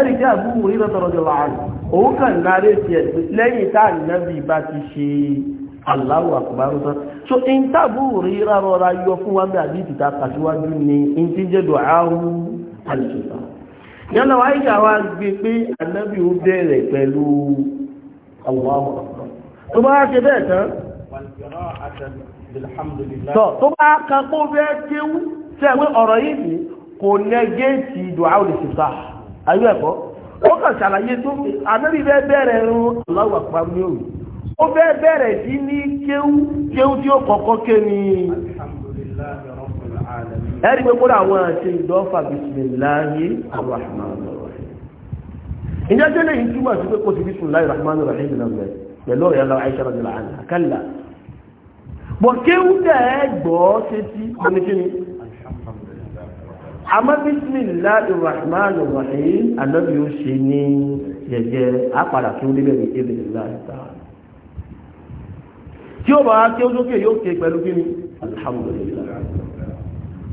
ẹni tí àbúrò orí lọ́tọ̀rọ̀ jọ láàrín òun kàn náà tiẹ̀ lẹ́yìn tá ànábì bá ti ṣe Allahu akbar tán so in tábù rí rárọra yọ fún wa bí àdìtì ta kàṣíwájú ni in ti jẹ́ dọ̀ áhùn àlùsọ̀tà yálà wáyé àwọn agbègbè ànábì ó bẹ̀rẹ̀ pẹ̀lú الله أكبر. ثم bá ṣe bẹ́ẹ̀ tán tó ثم kan kó bẹ́ẹ̀ kéwú tí ẹ̀wé ọ̀rọ̀ yìí ni kò nẹgẹ́ẹ̀tì dùá olùsìta ayé ẹ̀kọ́ ó kàn ṣàlàyé tó àbẹ́bí bẹ́ẹ̀ bẹ̀rẹ̀ rún Allahu akbar ní òru ó bẹ́ẹ̀ bẹ̀rẹ̀ sí ní kéwú kéwú tí ó kọ́kọ́ ké ni ẹ̀rí pé kó dà àwọn àṣẹ ìdọ́fà bismillahi arrahman ìjẹ́ tẹ́lẹ̀ yìí túmọ̀ sí pé kò sí bísùn láì rahman rahim lọ́gbẹ̀ pẹ̀lú ọ̀rẹ́ aláwọ̀ aisha rọ̀jọ̀lá àná kálá bọ̀ kéwú dẹ̀ ẹ́ gbọ́ ṣe tí oníkíni àmọ́ bísmìlá rahman rahim anábì ó ṣe ní jẹjẹ àpàdà kí ó lé bẹ̀rẹ̀ ìkéde láì ta tí ó bá kí ó sókè yóò ké pẹ̀lú kíni alhamdulillah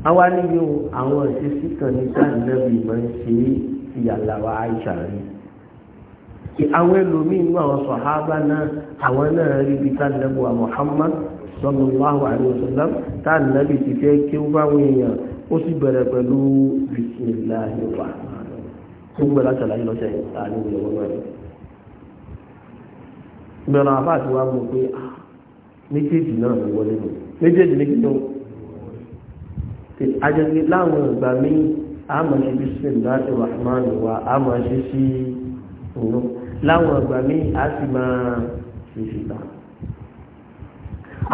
àwa níbi àwọn ìṣesí kan ní sáà nábì máa ń ṣe ìyàlá wa aisha kí àwọn ẹlòmíì nínú àwọn sọ̀hábà náà àwọn náà rí ibi tá nẹ́bùwà Muhammad sallallahu alaihi wasallam tá nẹ́bì ti fẹ́ kí ó bá wọn èèyàn ó sì bẹ̀rẹ̀ pẹ̀lú bismillahi rahman tó gbẹ̀ láti àlàyé lọ́sẹ̀ àní ìwé wọn rẹ̀ gbẹ̀rọ ah, àbá láwọn ìgbà míì a máa ṣe bismillahi rahman wa a máa ṣe sí òun láwọn ọgbà mi á sì máa ṣe fìlà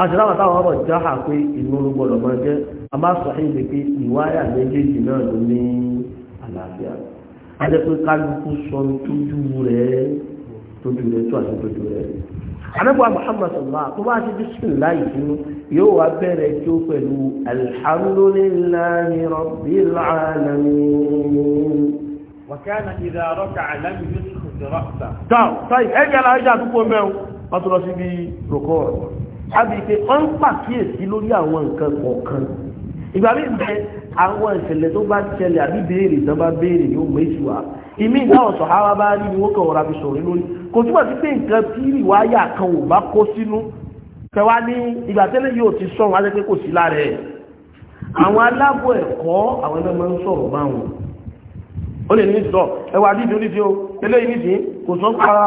àti láwọn táwọn ọmọ ìjọ hà pé inú ló gbọdọ̀ máa jẹ́ a bá sọ èyí lè pé ìwáyà méjèèjì náà ló ní àlàáfíà a jẹ́ pé kálukú sọ tójú rẹ̀ tójú rẹ̀ tó àti tójú rẹ̀ anábọ̀ Muhammad sọ̀rọ̀ tó bá ti bísí láì sínú yóò wá bẹ̀rẹ̀ tó pẹ̀lú alhamdulillahi rabbil alamin. wàkàna ìdá rọ́kà alámi yóò ẹgbẹ̀rẹ̀ àìjà àdúgbò mẹ́rin wọ́n tó lọ sí bí rọ̀kọ́ ọ̀rọ̀ àbíké wọ́n ń pàkíyèsí lórí àwọn nǹkan kọ̀ọ̀kan ìgbà mí bẹ àwọn ìṣẹ̀lẹ̀ tó bá ṣẹlẹ̀ àbí béèrè tó bá béèrè yóò mọ èsì wa ìmí ìdáhùn sọ̀hárá bá rí ni wọ́n kàn rọra fi sọ̀rọ̀ lórí kò túbọ̀ sí pé nǹkan tí ìwáyà kan ò bá kó sínú tẹwa ní ìgbà tẹ́lẹ̀ yóò ti sọ̀rọ̀ wá jẹ́ pé kò sí lára ẹ̀ àwọn alábọ̀ ẹ̀kọ́ àwọn ẹgbẹ́ máa ń sọ̀rọ̀ báwọn ó lè ní sọ ẹwà dídì oníṣẹ́ o eléyìí nìsí kò sọ para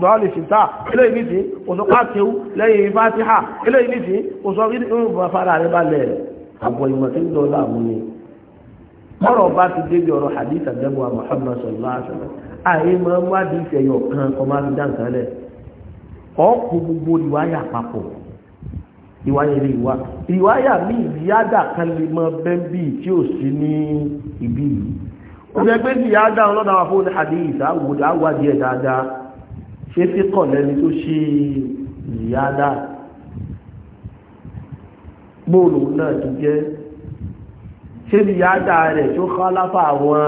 dọ́ọ̀lì ṣìṣà eléyìí nìsí kò sọ pàṣẹwú lẹ́yìn fásíhà eléyìí nìsí kò sọ rí ń bọ̀ fara rẹ balẹ̀ àbọ̀ ìmọ̀ tí ń dọ̀ láàmú ni ọ̀rọ̀ bá ti débi ọ̀rọ̀ hadith àdẹ́bù Muhammad sallallahu alaihi wasallam àyè máa ń wádìí ìfẹ̀yọ̀ kan kọ́ máa fi dá nǹkan lẹ̀ ọ̀pọ̀ gbogbo ìwáyà papọ̀ ìwáyà ilé ìwá ìwáyà míì ìyádà kan lè mọ bẹ́ńbì tí ò sí ní ibi yìí ọ̀sẹ̀ pé sì yá dáhùn lọ́dọ̀ àwọn fóònù hadith àwòdà àwàdí ẹ̀ dáadáa ṣé sí kọ̀ lẹ́ni tó ṣe ìyáadá bóòlù náà ti jẹ́ ṣé ìyáadá rẹ̀ tó kọ́ láfa àwọn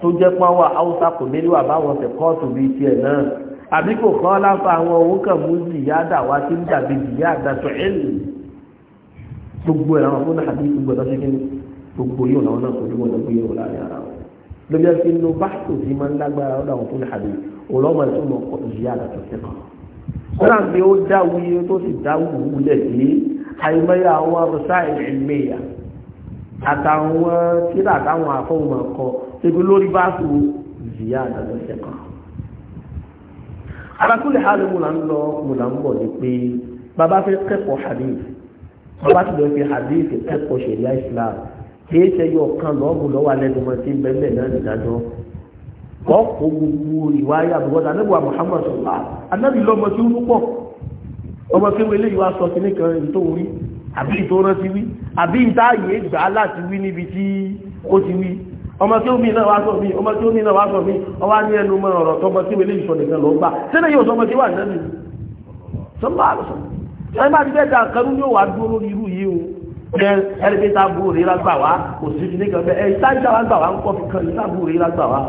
tó jẹ́ pọ́nwà haúsá kò mélòó àbáwọn tẹ̀kọ́ọ̀tù bíi tiẹ̀ náà àbí kò kọ́ láfa àwọn òun kàn mú ìyáadá wá sí ń dàbí ìyáadá tó ẹ̀lì gbogbo ẹ̀ àwọn fóònù hadith gbogbo ẹ̀ lọ́sẹ̀kẹ́ni gbogbo yóò làwọn náà kojú wọn gbé yóò láàrin ara wọn lóbi ẹsẹ inú báṣọ tí máa ń lágbára ọdọ àwọn fúnni àbí ọlọmọ ẹsẹ ọmọ ọkọ ìyá àdàtọ sẹkọ kódà bí ó dá wuyi tó sì dá wùwù lẹ sí àìmọye àwọn arúsá ìmẹyà àtàwọn tíra àtàwọn àfọwọmọ kọ ebi lórí báṣọ ìyá àdàtọ sẹkọ alákùnrin hàlẹ́ múlá ń lọ múlá ń bọ̀ ní pé bàbá kẹ́kọ̀ọ́ hadith bàbá kẹ́kọ̀ọ́ ṣẹ̀ríà Islam kìí ṣe yọ kan lọ́ọ̀bù lọ́wọ́ alẹ́ tó máa ti ń bẹ́ẹ̀ náà nìdájọ́ gbogbo ìwáyà Muhammad sọ̀rọ̀ anábì lọ́mọ tí ó ń pọ̀ ọmọ kí wọ́n eléyìí wá sọ sí nìkan orí àbí wí àbí ìta yìí gbà á láti wí níbi tí ó ti wí ọmọ tí ó mi náà wá sọ mí ọmọ tí ó sọ mí ní ẹnu mọ ọ̀rọ̀ tọmọ tí ẹ ẹrẹbi sábúrò rí lágbà wá kò sí ní kan bẹ́ẹ̀ ẹ sáyidá wa gbà wá ń kọ́ fi kan sábúrò rí lágbà wá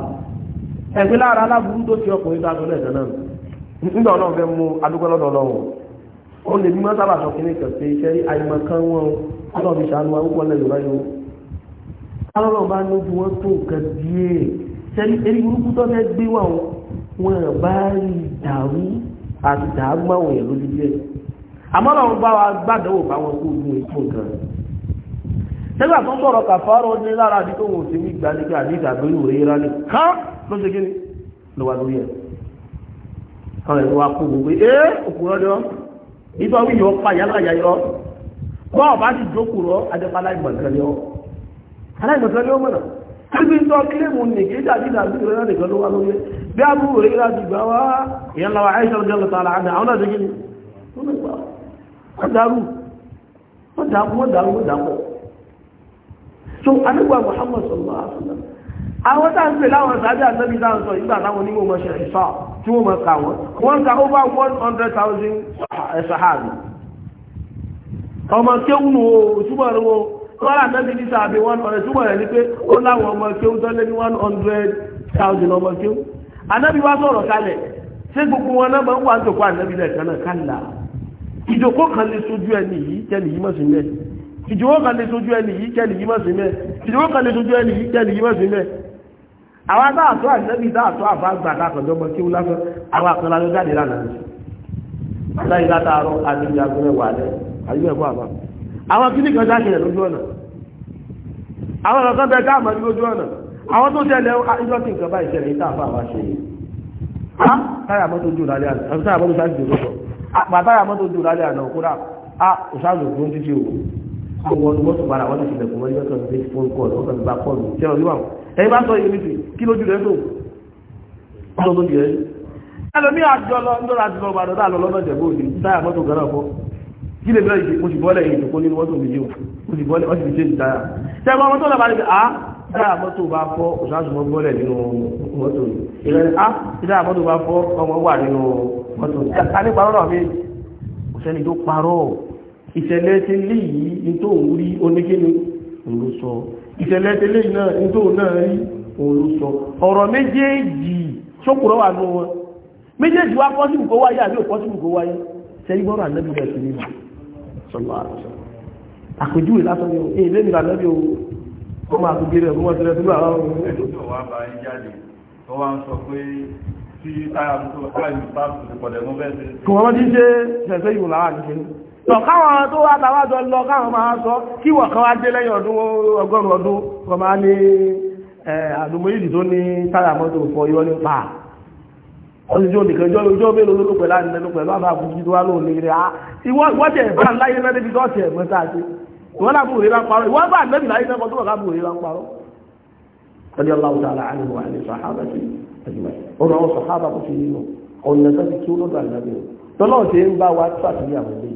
ẹgbẹ́ lára aláburú tó fi ọkùnrin tó aṣọ lẹ́sẹ̀ náà nígbà ọlọ́run fẹ́ mú adúgbọ́lọ́dọ̀ lọ́wọ́ ó lè mímọ́ sábà sọ kínní kan pé iṣẹ́ àyùmọ̀ kan wọn ọlọ́run fi ṣàánú àwọn ọlọ́run yorùbá yòó alọ́run bá ní ju wọn tó nǹkan díẹ̀ sẹ́ni eré burúkú tó fẹ́ gbé wọn wọn bá rí ìdàrú àti ìdàgbà wọn yẹn lójú díẹ̀ àmọ́ ọlọ́run bá wa gbàdánwò bá wọn kó ojú ètò nǹkan nígbà tó ń ka kàfàárọ̀ ní lára àdí tó wò sí ní ìgbà nígbà ní ìgbàgbéyò rẹ̀ rálẹ̀ kán ló ṣe lórí ẹ̀ kó gbogbo ẹ́ òkúrọ́ ni ọ́ wí yọ pa yálà yọ bọ́ ọ̀bá jókòó rọ aláìmọ̀kan ni ọ́ aláìmọ̀kan ni ó mọ̀nà nìkejì àti ìdàgbé rẹ̀ lọ so anúgbà Muhammad sallallahu alaihi wasallam àwọn tá à ń pè láwọn sáájà àtẹ́bí tá à ń sọ ìgbà táwọn onímọ̀ ọmọ ṣe ìfà tí wọ́n mọ̀ ká wọn wọ́n ka over one hundred thousand sahabi ọmọ kéwù nù o túbọ̀ rẹ̀ wọ́n wọ́n rà nẹ́bí ní sàbí one hundred túbọ̀ rẹ̀ ni pé ó láwọn ọmọ kéwù tó lé ní one hundred thousand ọmọ kéwù ànábì wá sọ̀rọ̀ kalẹ̀ ṣé gbogbo wọn náà máa ń wá ń jòkó ànábì lẹ̀ kan náà kálá ìjòkó kan lè sojú ẹni yìí tẹ́lẹ̀ yìí mọ̀ sí ìjòwó kan lè sojú ẹni yìí kẹ́lì yìí mọ̀ sí mẹ́ ìjòwó kan lè sojú ẹni yìí kẹ́lì yìí mọ̀ sí mẹ́ àwọn àtọ́ àtẹ́bí dáàtọ́ àbágbà lákọ̀ọ́jọ́mọ́ kí ó lásán àwọn àkọlá ló jáde lánàá láyé látàárọ̀ àdéjì agbẹ́rẹ́ wà lẹ́ àyíwẹ̀ fún àbá àwọn kí ní kan jákèjì lójú ọ̀nà àwọn ọ̀kan bẹ káàmà ní lójú ọ̀nà àwọn tó tẹ́lẹ̀ ìjọ tí jù lálẹ́ àná táyà mọ́tò jù lálẹ́ àná kúrà kó wọnú mọ́tò para wọn ti bẹ̀kún wọlé ọ̀sán bẹ́ẹ̀ fún kọ́ ọ̀dọ́ ọ̀sán bá kọ́ ọ̀dọ́ tí wọ́n wíwà ẹ̀yin bá sọ yìí níbi kí lójú rẹ̀ tó ọ̀dọ́ lójú rẹ̀ ẹlòmí àjọ lọ ńlọrọ àti lọ gbàdọ̀ dà lọ lọ́dọ̀ jẹ̀bú òdì táyà mọ́tò gan náà kí lè bẹ́ẹ̀ yìí oṣù bọ́lẹ̀ yìí ìjòkó nínú mọ́tò mi yìí oṣù bọ́lẹ̀ ọṣù ìṣe ìdáyà tẹ́ ẹ ah, mọ́tò náà bá rí a bá fọ́ a ah, táyà mọ́tò bá fọ́ ọmọ wà nínú mọ́tò yìí ìṣẹ̀lẹ̀ ti lé yìí ní tó ń rí oníkíni òun ló sọ ìṣẹ̀lẹ̀ ti lé yìí náà ní tó náà rí òun ló sọ ọ̀rọ̀ méjèèjì ṣókùrọ̀ wà nù wọn méjèèjì wá pọ́sìbù kó wáyé àbí ni èyí lé nílò ànábì o ó máa tó gbére ẹ̀kún wọn ti rẹ̀ sílẹ̀ tí táyà tó wá ní tó pọ̀lẹ̀ mọ́ bẹ́ẹ̀ sí. kò wọ́n ti ṣe ṣẹ̀ṣẹ̀ ìwòlá àti tọ̀ káwọn tó wá tàwájọ lọ káwọn máa sọ kí wọ̀n kan wá dé lẹ́yìn ọdún ọgọ́rùn ọdún kọ máa ní àdùmọ̀yìdì tó ní tára mọ́tò fọ yọ nípa ọdíjọ́ nìkan jọ ojú ọmọ ìlú pẹ̀lú àdìlẹ́nu pẹ̀lú àbá àbújú tó wá lóò ní rẹ̀ ah, ìwọ́n tẹ̀ bá láyé náà débi tọ́ọ̀tì ẹ̀gbọ́n tá a ṣe ìwọ́n lábù rẹ̀ bá parọ́ ìwọ́n bá àgbẹ̀bì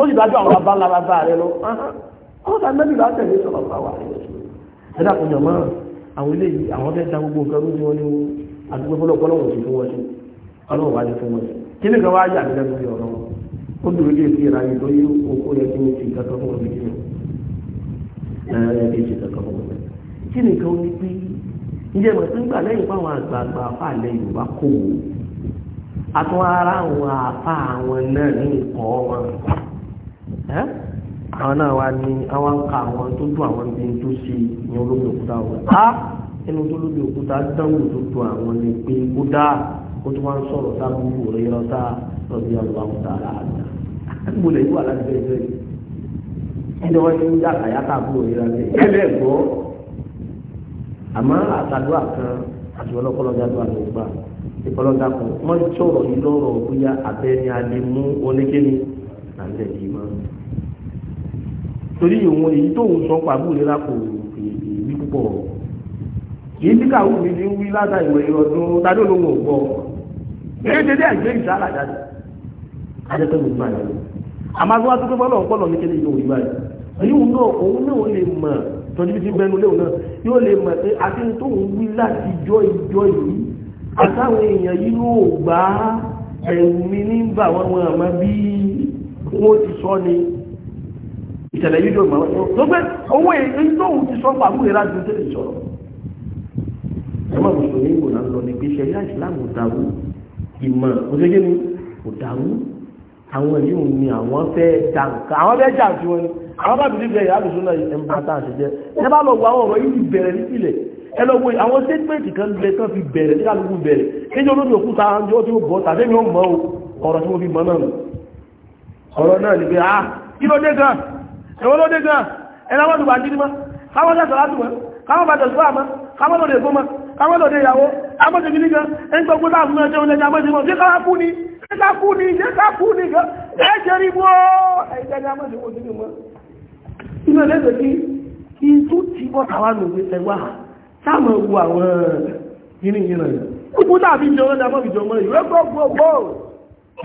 ó sì dájú àwọn bàbá lára bá rẹ lọ ó sá mẹ́bí bá tẹ̀lé sọ̀rọ̀ bá wà ẹ̀dá kò yàn máa àwọn ilé yìí àwọn fẹ́ da gbogbo nǹkan lójú wọn ní àdúgbò fọlọ́pọ̀lọ́ wọn sì fún wọn sí ọlọ́run wá ní fún wọn sí kí ni kan wá yà mí lẹ́nu ọ̀rọ̀ ó dúró dé sí ìráyè tó yí oko yẹ kí wọ́n ti kankan fún wọn bí kí wọ́n yẹ kí wọ́n kankan fún wọn kí ni kan ní pé ǹjẹ́ mọ̀ nígbà lẹ́yìn fáwọn àgbààgbà fàlẹ́ yorùbá kò wò àtúnwárà àwọn àfa àwọn náà ní àwọn náà wá ní àwọn ka àwọn tó dùn àwọn ibi tó ṣe ní olómi òkúta wọn á ẹnu tó lómi òkúta dánwò tó dùn àwọn ní pé ó dá ó tó máa ń sọ̀rọ̀ tá gbogbo rẹ̀ yọ lọ́bí wà láti bẹ́ẹ̀ bẹ́ẹ̀ ẹni wọ́n ti ń gbogbo rẹ̀ ẹlẹ́ gbọ́ àmọ́ àtàdúrà kan àti tó àlẹ́ yìí mọ́ torí òun èyí tó ń sọ pàbó ìlera kò èyí púpọ̀ yìí tí káwọn mi ti ń wí látà ìwé ọdún tàbí olóhùn ọgbọ èyí ti dé àgbé ìsára jáde adẹ́tẹ́ mi gbà yẹn àmọ́ àti wá tó pépé ọlọ́run pọ̀lọ́ ní kéde ìlú òyìnbá yìí èyí òun náà òun náà lè mọ̀ tọ́jú bí ti bẹnu léwu náà yóò lè mọ̀ pé àti tó ń wí láti jọ ìjọ yìí àtàwọn èèyàn yìí ló gbà ẹ̀rù mi ní bà àmọ́ bíi wọ́n ti sọ ni ìṣẹ̀lẹ̀ yìí ló mọ̀ tó gbé owó èyí tó ń ti sọ pa àwọn ìlànà tó ti sọ̀rọ̀ ẹ̀rọ mùsùlùmí kò náà lọ ní pé ṣe yá ìsìláàmù dàrú ìmọ̀ òṣèké ni kò dàrú àwọn yìí ni àwọn fẹ́ dà nǹkan àwọn fẹ́ jà sí wọn ni àwọn bá bìí bẹ̀rẹ̀ àdùsùn náà ẹ̀ ń bá tá à ṣe jẹ́ ẹ bá lọ wo àwọn ọ̀rọ̀ yìí bẹ̀rẹ̀ nípìnlẹ̀ ẹ lọ wo àwọn sẹ́tìmẹ̀tì kan lẹ kan fi bẹ̀rẹ̀ ní kálukú bẹ̀rẹ̀ kéjọ olómi òkúta ọjọ́ tí ó bọ̀ tàbí mi ò mọ ọ̀rọ̀ náà ní pé ah kí ló dé gan ẹ̀wọ́n ló dé gan ẹ̀rọ àwọn ìgbà jírí mọ́ káwọn sẹ́sọ̀ láti mọ́ káwọn bàtẹ̀ sọ́ àmọ́ káwọn lòdè fún mọ́ káwọn lòdè ìyàwó amọ́sẹ̀ gidi gan ẹni tó gbọ́dọ̀ àfúnmọ́ ẹjọ́ ilẹ̀ amọ́sẹ̀ mọ́ kíkà kú ni kíkà kú ni kíkà kú ni gan ẹ̀jẹ̀ rí bọ́ ẹ̀jẹ̀ ni amọ́sẹ̀ mọ́ sí mọ́ inú ẹlẹ́gbẹ̀ẹ́ kí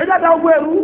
kí tó ti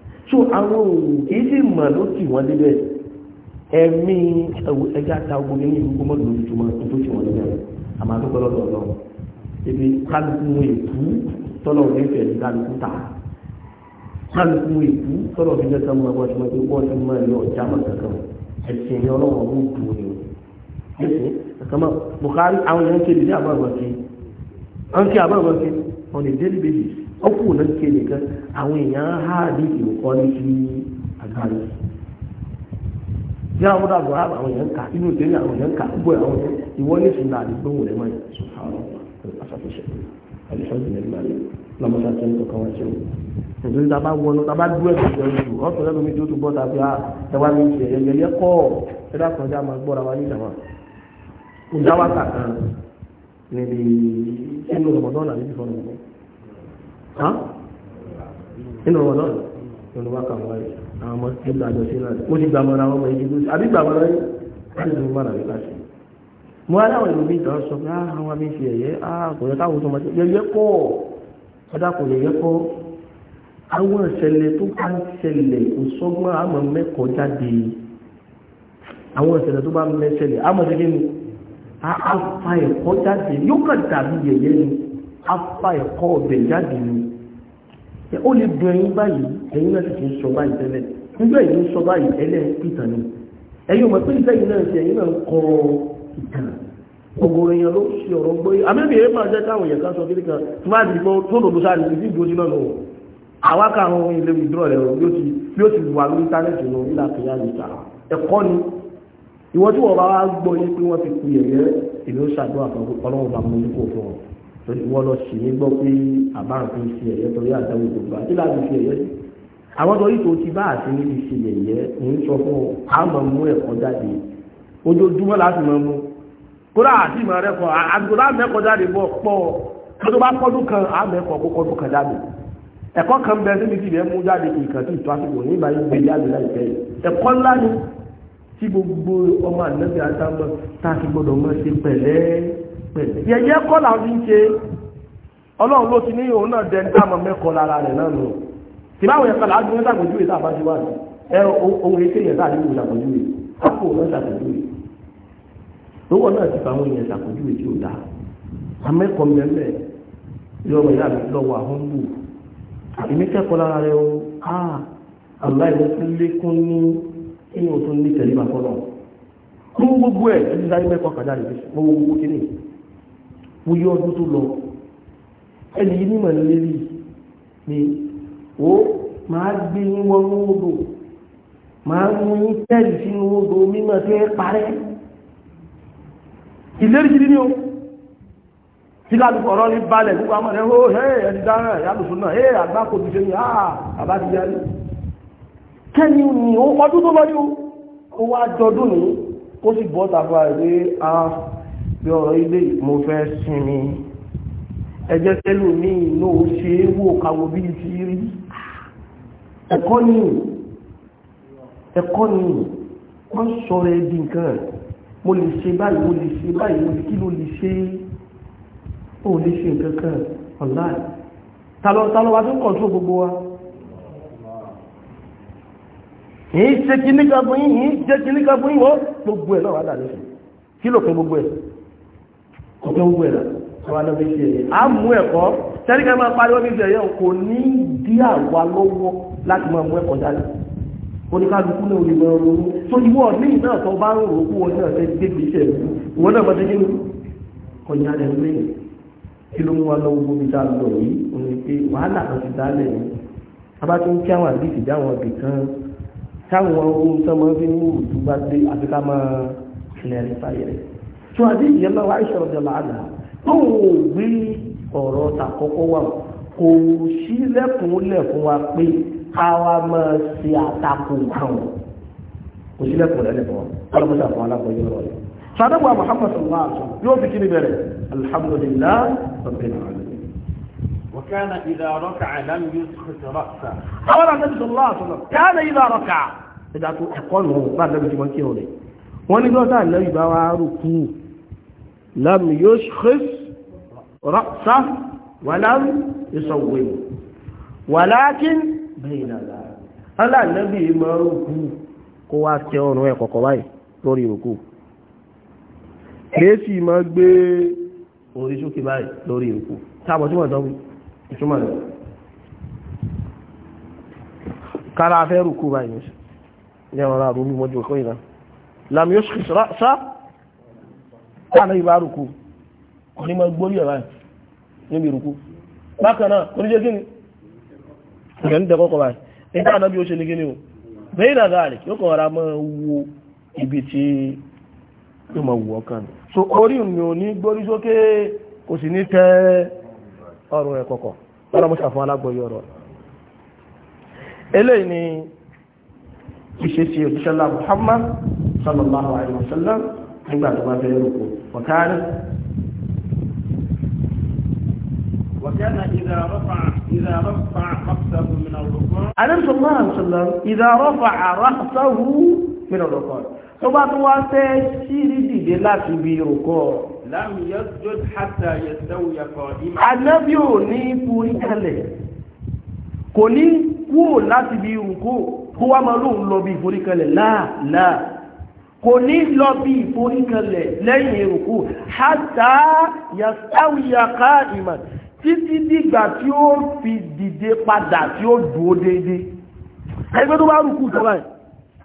so àwọn òòrùn kìí sì mọ̀ ló tì wọ́n débẹ̀ ẹ̀mí ẹja ta ogun ní ìlú gbọ́mọ̀ lójúmọ́ tó tì wọ́n débẹ̀ àmọ́ àdúgbò lọ́dọ̀ ọ̀dọ́ ebi kálukú wọn èkú tọ́lọ̀ ní ìfẹ́ ní kálukú ta kálukú èkú tọ́lọ̀ ní ìfẹ́ sọ́mọ́ ẹgbọ́n tí wọ́n ti mọ ẹ̀yọ ọjà mọ̀ kankan ẹ̀sìn ní ọlọ́wọ́ ó dùn ní o ẹ̀sìn kankan mọ̀ Buhari àwọn yẹn ń ṣe ìdílé àbọ̀ àbọ̀ sí ọ̀nkí àbọ̀ àbọ̀ sí on a daily basis ọkùnrin náà ké nìkan àwọn èèyàn há ní ìwòkọ́ ní sí agbára yàrá wọn dàgbọ́ àwọn èèyàn kà inú ìtẹ́lẹ̀ àwọn èèyàn kà gbọ́ àwọn ìwọ ní sùn náà àdìgbò wọn lẹ́mọ̀ yìí sùfàrọ̀ àṣàfihàn alhamdulilayi lọ́mọdé àti ẹni kọ̀ọ̀kan wá sí wọn nítorí tá a bá wọnú tá a bá dúró ẹ̀sìn ìjọ ìlú ọ̀sán lẹ́nu mi tó tún bọ́ tàbí ah, ẹwà mi ti ẹ̀yẹ lẹ́kọ̀ ẹ̀dá kan já máa gbọ́ra wa nígbà wọn. ìdáwà kàkan níbi sínú ọmọdé ọ̀nà níbi fọ́nà nínú ọmọ náà nínú wákà wọn rẹ̀ àwọn ọmọ tí ó àjọ sí náà ó ti gbàmọ́ ra ọmọ ìdígbò àbí gbàmọ́ ra yìí láti ló wà láti láti mo wá láwọn ìlú bíi ìtàn sọ pé ah, àwọn abẹ́ fi ẹ̀yẹ ah, kò yẹ káwọn ọmọ yẹyẹ kọ́ ọ̀dà kò yẹyẹ kọ́ àwọn ìṣẹ̀lẹ̀ tó bá ń ṣẹlẹ̀ kò sọ́gbọ́n àmọ́ mẹ́kọ̀ọ́ jáde àwọn ìṣẹ̀lẹ̀ tó bá ń mẹ́ṣẹ̀lẹ̀ àmọ́ ṣẹlẹ̀ ni àá fa ẹ̀kọ́ jáde yóò kàn dàbí yẹyẹ ni afá ẹ̀kọ́ ọ̀bẹ̀ jáde ni ó lè bí ẹyin báyìí ẹyin náà sì ti ń sọ báyìí tẹ́lẹ̀ nígbà èyí ń sọ báyìí ẹlẹ́ ìtàn ni ẹ̀yin mọ̀ pé ìtàn yìí náà ti ẹ̀yin náà ń kọ ìtàn ọgọ̀rọ̀ èèyàn ló ṣe ọ̀rọ̀ gbé àmẹ́bí èyí máa jẹ́ káwọn èèyàn kan sọ kíríkan tí wọ́n á ti gbọ́ tó lòdù sáré ní ìdíjú ojú náà lọ́wọ́ àwa káwọn ilé ìdúró rẹ̀ rọ̀ bí ó ti wà lórí íńtánẹ́ẹ̀tì lọ nílà kìíyà nìta ẹ̀kọ́ ni ìwọ́n tí wọ́n bá wá gbọ́ yé pé wọ́n ti kú yẹ̀yẹ́ ìlú ṣàdúrà fún ọlọ́run bá mú ní kò fún ọ torí wọ́n lọ sí ní gbọ́ pé àbá nǹkan fi ẹ̀yẹ́ torí àdáwò gbogbo àti láti fi ẹ̀yẹ́ sí. àwọn torí tó ti bá àti níbi ṣe ẹ̀yẹ́ ń sọ fún ọ á máa mú ẹ̀kọ́ jáde ojoojúmọ́ láti máa mú kódà àti ìmọ̀ rẹ̀ kọ́ àgbòrá mẹ́kọ̀ọ́ jáde bọ̀ pọ̀ tó bá kọ́dún kan á mẹ́kọ̀ọ́ kó kọ́dún kan jáde ẹ̀kọ́ kan bẹ síbi tí ìbẹ́ mú jáde kì í kàn tí ìtọ́ àsìkò nígbà yìí gbé jáde láìpẹ́ yìí ẹ̀kọ́ ńlá ni tí gbogbo ọmọ yẹyẹ kọ́ là ń fi ń ṣe ọlọ́run ló ti ní òun náà dẹni táàmù mẹ́kọ̀ọ́ lára rẹ̀ náà nù tìbáwò yẹn kọlà ádùn ní sàgbójúwe tá a bá ti wà ní ẹ ohun èké yẹn tá a ti wù sàgbójúwe kápò náà sàgbójúwe lówó náà ti fa àwọn èèyàn sàgbójúwe tí ó dáa amẹ́kọ̀ọ́ mẹ́mẹ́ yọrọ ìyá mi lọ́wọ́ àwọn ń bù èmi kẹ́kọ̀ọ́ lára rẹ̀ o a aláìlọ́ tó lékún ní ẹ̀yìn òtún ní tẹ̀lé bàbá náà mú gbogbo ẹ̀ ẹ̀ ti sáré mẹ́kọ̀ọ́ kàdá rẹ̀ mú gbogbo kíní mo yọ ọdún tó lọ ẹni yìí nímọ̀ lérí ni ó máa gbé yín wọ́n ní odò máa ń mú yín tẹ́lì sínú odò mímọ̀ tí ẹ parẹ́ ìlérí gidi ni o tí ládùúgbò ọ̀rọ̀ ní balẹ̀ gbogbo àmọ́ rẹ̀ ó ẹ̀ ẹni dáná ìyálùsùn náà ẹ̀ àgbákò ti ṣe ní àà bàbá ti yá ní kẹ́ni ni ó ọdún tó lọ ní o ó wá jọdún ní ó sì bọ́ tàbí àìrí bí ọ̀rọ̀ ilé mo fẹ́ sinmi ẹjẹ́ tẹ́lù ní inú ṣe é wò káwọ bí ti rí ẹ̀kọ́ ni ẹ̀kọ́ ni wọ́n sọ̀rọ̀ ẹbí nǹkan mo lè ṣe báyìí mo lè ṣe báyìí mo kí ló lè ṣe ó lè ṣe nǹkan kan ọ̀la talọ́talọ́ wa tó ń kọ̀ọ̀tún gbogbo wa yìí ṣe kí ní gbogbo yìí yìí jẹ́ kí ní gbogbo yìí wọ́n gbogbo ẹ̀ náà wà dà lẹ́sìn kí ló pin gbogbo ẹ̀ kò tó wù ẹ̀rọ àwọn alọ́bẹ̀ ṣe ẹ̀yẹ a mú ẹ̀kọ́ tẹ́lifẹ̀ máa pariwo bí ìṣẹ̀yẹ kò ní dí àwa lọ́wọ́ láti máa mú ẹ̀kọ́ dání oníkálukú náà olè mẹ́rin ronú tó ìwọ ní náà tó bá ń rò ó kú wọn náà fẹ́ gbé gbèsè ìwọ náà bá tẹ́jú kọjá rẹ̀ lẹ́yìn kí ló mú wa lọ́wọ́ gbóbi tá a lọ yìí òun ni pé wàhálà kan ti dálẹ̀ yìí abátí ń kí àwọn àdìsí dáwọn ibì kan táwọn ohun tó máa fi ń wù tó bá dé àfi máa clear fire rẹ̀ tó àdé ìyẹ́lá wa Aisha radiyallahu anha tó ń gbé ọ̀rọ̀ tàkọ́kọ́ wà kò sí lẹ́kùn lẹ̀ fún wa pé ká wa máa ṣe àtakò kan kò sí lẹ́kùn lẹ́lẹ̀ fún wa ọlọ́mọdé àfọwọ́n alágbọ̀yé rọ̀ rẹ̀ sàdọ́gbà Muhammad sallallahu alaihi wasallam yóò fi kí ni bẹ̀rẹ̀ alhamdulillah rabbil alamin وكان إذا ركع لم يسخط رأسه قال النبي صلى الله عليه وسلم كان إذا ركع إذا تقول هو بعد النبي ما كيروني wọ́n ní gbọ́dọ̀ àlọ́ ìbá lam yushkhis ra'sa wa lam yusawwim walakin bayna dhalika ala nabi ma ruku kó wá tẹ ọrùn ẹ̀ kọ́kọ́ báyìí lórí ruku kesi ma gbé orí sókè báyìí lórí ruku tabo ti mo do wi ituma lo kala fẹ́ ruku báyìí ne wala rumi mo jo ko ina lam yushkhis ra'sa káàná ìbá rùkú ní mọ́ gbórí ọ̀rá níbi rùkú bákan náà kò ní jẹ́ kíni ìyẹn ń dẹ̀kọ́ kọ̀wàá ní káàná bí ó ṣe ní kíni o bẹ́ẹ̀ náà gáàrí yóò kọ̀ ọ̀rá mọ́ wo ibi tí yóò mọ̀ wù ọkàn so orí mi ò ní gbórí sókè kò sì ní tẹ́ ọrùn ẹ̀ kọ̀kọ̀ lọ́rọ̀ mọ́ ṣàfihàn alágbọ̀yọ̀ ọ̀rọ̀ eléyìí ni ìṣesí òṣìṣẹ́lá Muhammad sallallahu alaihi wasallam nígbà tó bá fẹ́ rúkú ọ̀kárí. àdébùsọ̀lá àṣọlá ìdárọ́fà àràṣàwù mìíràn lọ́kọ̀ tó bá tún wá fẹ́ sírí dìde láti ibi rúkọ̀. Ànábì ò ní forí kalẹ̀ kò ní kúrò láti ibi rúkọ̀ kó wá máa lóun lọ bí forí kalẹ̀ láà láà kò ní lọ bí ìforíkanlẹ̀ lẹ́yìn èrùkú hátà yàtàwìyà ká ìmọ̀ títí dìgbà tí ó fi dìde padà tí ó dúó déédé ẹgbẹ́ tó bá rùkú tọ́lá ẹ̀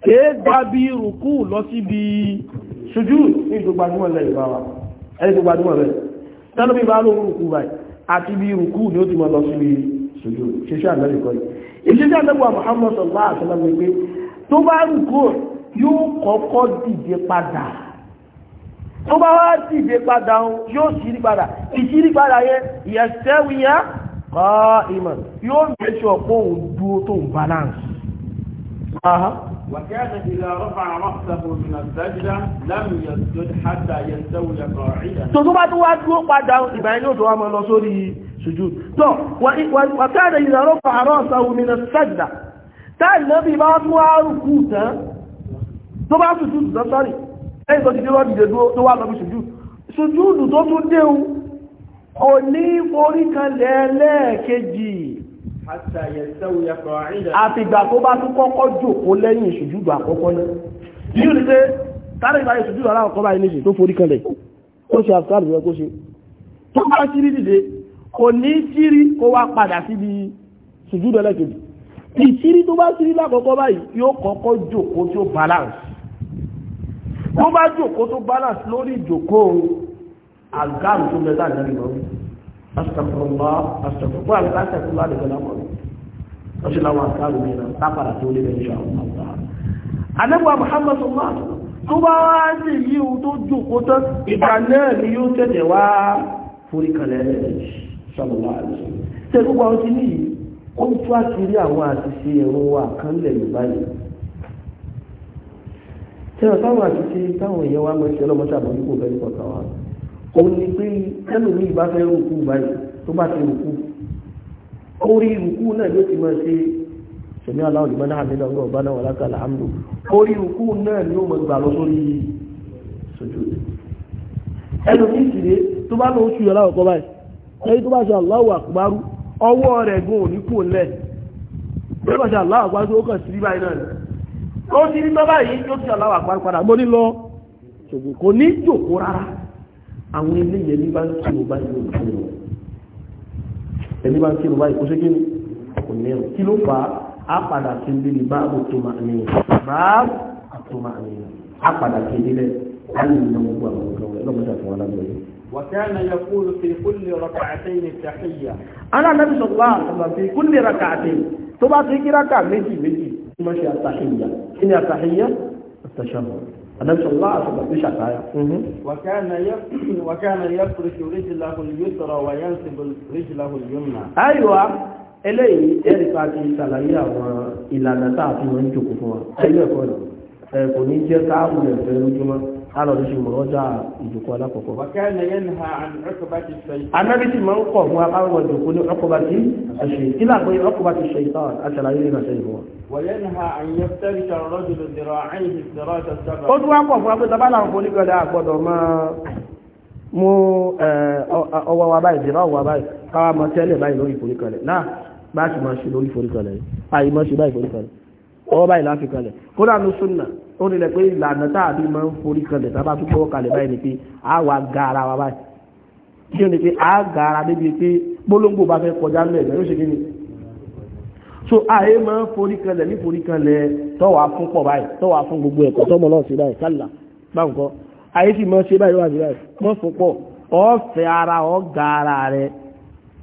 kèé gbá bí rùkú lọ sí bí ṣojú ní ìdògbàdúmọ̀ lẹ́yìn bá wa ẹni tó gbàdúmọ̀ rẹ̀ tẹ́lú bí bá ló rùkú báyìí yóò kọ́kọ́ dìde padà tó bá wá dìde padà yóò ṣírí padà ìṣírí padà yẹn ìyẹ̀sẹ́wìyà kọ́ ìmọ̀ yóò mẹ́ṣọ̀ pé òun dúró tó ń balance وكان إذا رفع رأسه من السجدة لم يسجد حتى يستوي قاعدا. tó bá tún wá dúró padà ìbàyẹn yóò tó wá máa lọ sórí sùjúd. tó وكان إذا رفع رأسه من السجدة táì lọ́bí bá tún wá rùkú tán tó bá sùjú dùn sọ́rí lẹ́yìn tó ti dé lọ́dìde tó wà lọ́bí sùjú sùjú dùn tó tún déhun ò ní forí kan lẹ́ẹ̀kejì àtìgbà tó bá tún kọ́kọ́ jòkó lẹ́yìn sùjú dùn àkọ́kọ́ náà yíò ní pé tàbí ìbáyé sùjú dùn aláwọ̀kọ́ báyìí níṣe tó forí kan lẹ̀ ó ṣe àfikàrù rẹ kó ṣe tó bá sírí dìde kò ní sírí kó wá padà síbi sùjú dùn ẹlẹ́kejì ìsírí tó bá sírí lákọ̀ọ́kọ́ báyìí yóò kọ́kọ́ jòkó tí ó balance tó bá jòkó tó balance lórí ìjòkó àgáàrù tó mẹ́ta ìdárí lọ rí asàkùnrùnmá asàkùnrùnmá àgbà asàkùnrùnmá àdìgbà lámọ̀ rí ọṣù láwọn àgáàrù mi náà tápàdà tó lé lẹ́yìn àwọn àgbà anẹ́wà Muhammad sọ̀rọ̀ máa tó bá wá sí yí o tó jòkó tán ìgbà náà ni yóò tẹ̀tẹ̀ wá forí kalẹ̀ sọ̀rọ̀má àdìgbà tẹ̀gbọ́n ti ní yìí ó tún àṣírí àwọn àṣìṣe ẹ̀rọ wa kan lẹ̀ tí wọ́n táwọn àtúnṣe táwọn èèyàn wá mọ̀ sí ọlọ́mọṣẹ́ àbójúkò bẹ́ẹ̀ kọ̀ọ̀kan wa òun ni pé tẹ́lù mi ìbá fẹ́ rùkú báyìí tó bá ti náà ló ti ṣe aláwọ̀ ìgbọ́n náà ọgbọ́n ọba náà wà lákà náà ló gbà lọ sórí sojú ẹnu tó bá lọ oṣù aláwọ̀ ó ti ní tọ́ba yìí yóò ti ọ̀làwà pàápàá mo ní lọ ṣògbọ́n kò ní jòkó rárá àwọn eléyìí ẹni bá ń kí ló báyìí ó kí ló ẹni bá ń kí ló báyìí kó ṣe kí kò ní ẹ̀rọ kí ló fà á padà sí ń bíbi bá àbò máa ní á padà sí ìdílé láti kí wọ́n ṣe àtàhíyà kí ni àtàhíyà àtàṣàmù àdáṣọlá àṣọlá tó ṣàtàyà. wàkàna yẹ kúrìṣì ríjìláhùn yóò sọ̀rọ̀ wà yẹn sì ríjìláhùn yóò nà. àyíwá eléyìí kò ní jẹ́ káàbù rẹ̀ fẹ́ lójúmọ́ kálọ̀ ní ṣùgbọ́n ọjà ìjòkó alákọ̀ọ́kọ́. anábì sì máa ń kọ̀ fún akáwọn ìjòkó ní ọkọ̀bá tí ṣe ìlà pé ọkọ̀bá ti ṣe ìtàn àṣàlàyé nínú àṣẹ ìfọwọ́. ó tún wá kọ̀ fún apẹ́ tábàlà ń forí gbọ́dọ̀ àgbọ̀dọ̀ máa mú ọwọ́ wa báyìí dìrọ̀ wa báyìí káwa mọ tẹ́lẹ̀ báyìí lórí ìforíkalẹ̀ náà bá ọwọ́ báyìí láti kalẹ̀ kódà ní súnà ó nílẹ̀ pé ìlànà táàbí máa ń forí kalẹ̀ tá a bá tún gbọ́ kalẹ̀ báyìí ni pé a wà ga ara wa báyìí kí ni pé a ga ara débi pé gbólóńgbò bá fẹ́ kọjá ńlẹ̀ ìgbà yóò ṣe kíni. so àyè máa ń forí kalẹ̀ ní forí kalẹ̀ tọ́wà fún pọ̀ báyìí tọ́wà fún gbogbo ẹ̀kọ́ tọ́mọ náà sí báyìí kálà báńkọ́ àyè sì máa ṣe báyìí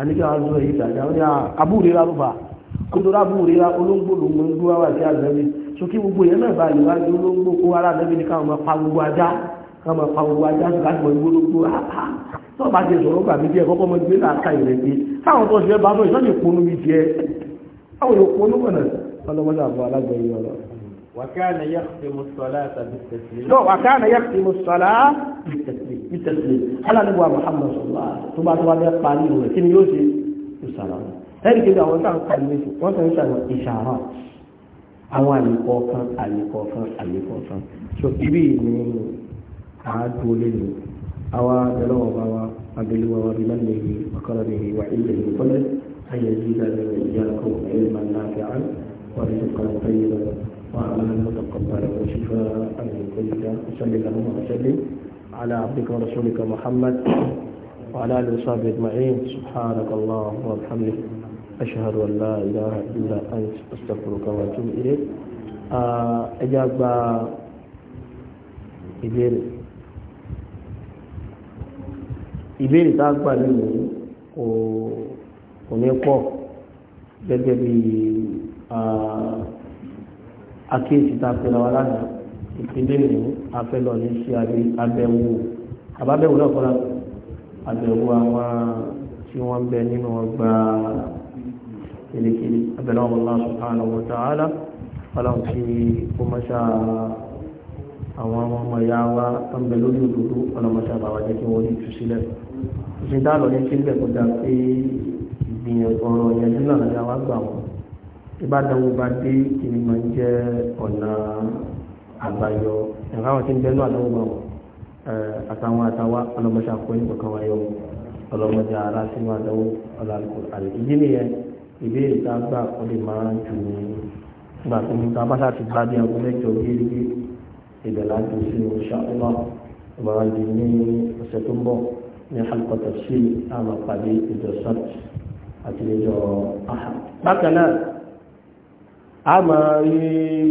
àníkà wá sọ èyí tàjà ó ní àbúrírà ló fà kótórá àbúrírà olóńgbò ló mú gbó wá sí àgbẹ̀bí sókè gbogbo yẹn náà bá ìwádìí olóńgbò kó ara àgbẹ̀bí ní káwọn máa pa gbogbo ajá káwọn máa pa gbogbo ajá sí láti mọ ìgbó olóńgbò àhà tó bá ti sọ̀rọ̀ gbàgbé díẹ̀ kọ́kọ́ mọ ìgbé láàka ìrẹ̀gbẹ́ táwọn tó ṣe bá sọ ìṣọ́ọ̀ṣì ponú وكان يختم الصلاة بالتسليم لا وكان يختم الصلاة بالتسليم بالتسليم على نبوة محمد صلى الله عليه وسلم ثم أتوا لي ولكن يوسف السلام هل كذا هو سعر قليل وانت يسعر إشارات أوان يقوفر أن يقوفر أن يقوفر شو كبير من عاد ولد أوى دلوه بابا أبلوه وبمنه وكرمه وعلمه وفضله أن يزيد لكم علما نافعا ورزقا طيبا وعلى المتقبل والشفاء من كل داء وصلي اللهم وسلم على عبدك ورسولك محمد وعلى اله وصحبه اجمعين سبحانك اللهم وبحمدك أشهد أن لا إله إلا أنت استغفرك واتوب اليك اجاب ìbéèrè ìbéèrè tá a gbà nínú kò kò ní pọ̀ gẹ́gẹ́ bí àkíyèsí tá a fẹ́ lọ́wọ́ lánàá ìpínlẹ̀ ìlú afẹ́lọ́ ní ṣe abẹ́wò àbábẹ́wò náà fọ́nà abẹ́wò àwọn tí wọ́n ń bẹ nínú ọgbà kìlìkìlì abẹ́lọ́ Allah subhanahu wa ta'ala fọláhùn tí ó mọ́ṣá àwọn ọmọ ìyá wa tó ń bẹ lórí òdòdó ọlọ́mọṣá bàbá jẹ́ kí wọ́n ní jù sílẹ̀ ìṣẹ̀dá lọ ní kí kọjá pé ìgbìyànjú ọ̀rọ̀ ìyẹn ìbátanwó bá dé èmi máa ń jẹ́ ọ̀nà àbáyọ ẹ̀ka àwọn tí ń bẹ́ẹ̀ lọ àdánwò bá wọn àtàwọn àtàwà ọlọ́mọṣẹ́ àkóyìn kankan wáyọ ọlọ́mọṣẹ́ ara sínú àdánwò ọlọ́àlùkò àlè ìdí nìyẹn ìbéèrè tá a gbà ó lè máa ń jù ní ìgbà tó ń ta báṣà ti gbá bí aago mẹ́jọ gírígí ìbẹ̀ láti sí oṣù àkọ́lá ìbára di ní ọ̀sẹ̀ tó ń bọ̀ ní àlùkọ́tà sí àmàpàdé ìjọ sọ́ọ̀tì àti ìjọ àhà bákan náà a máa rí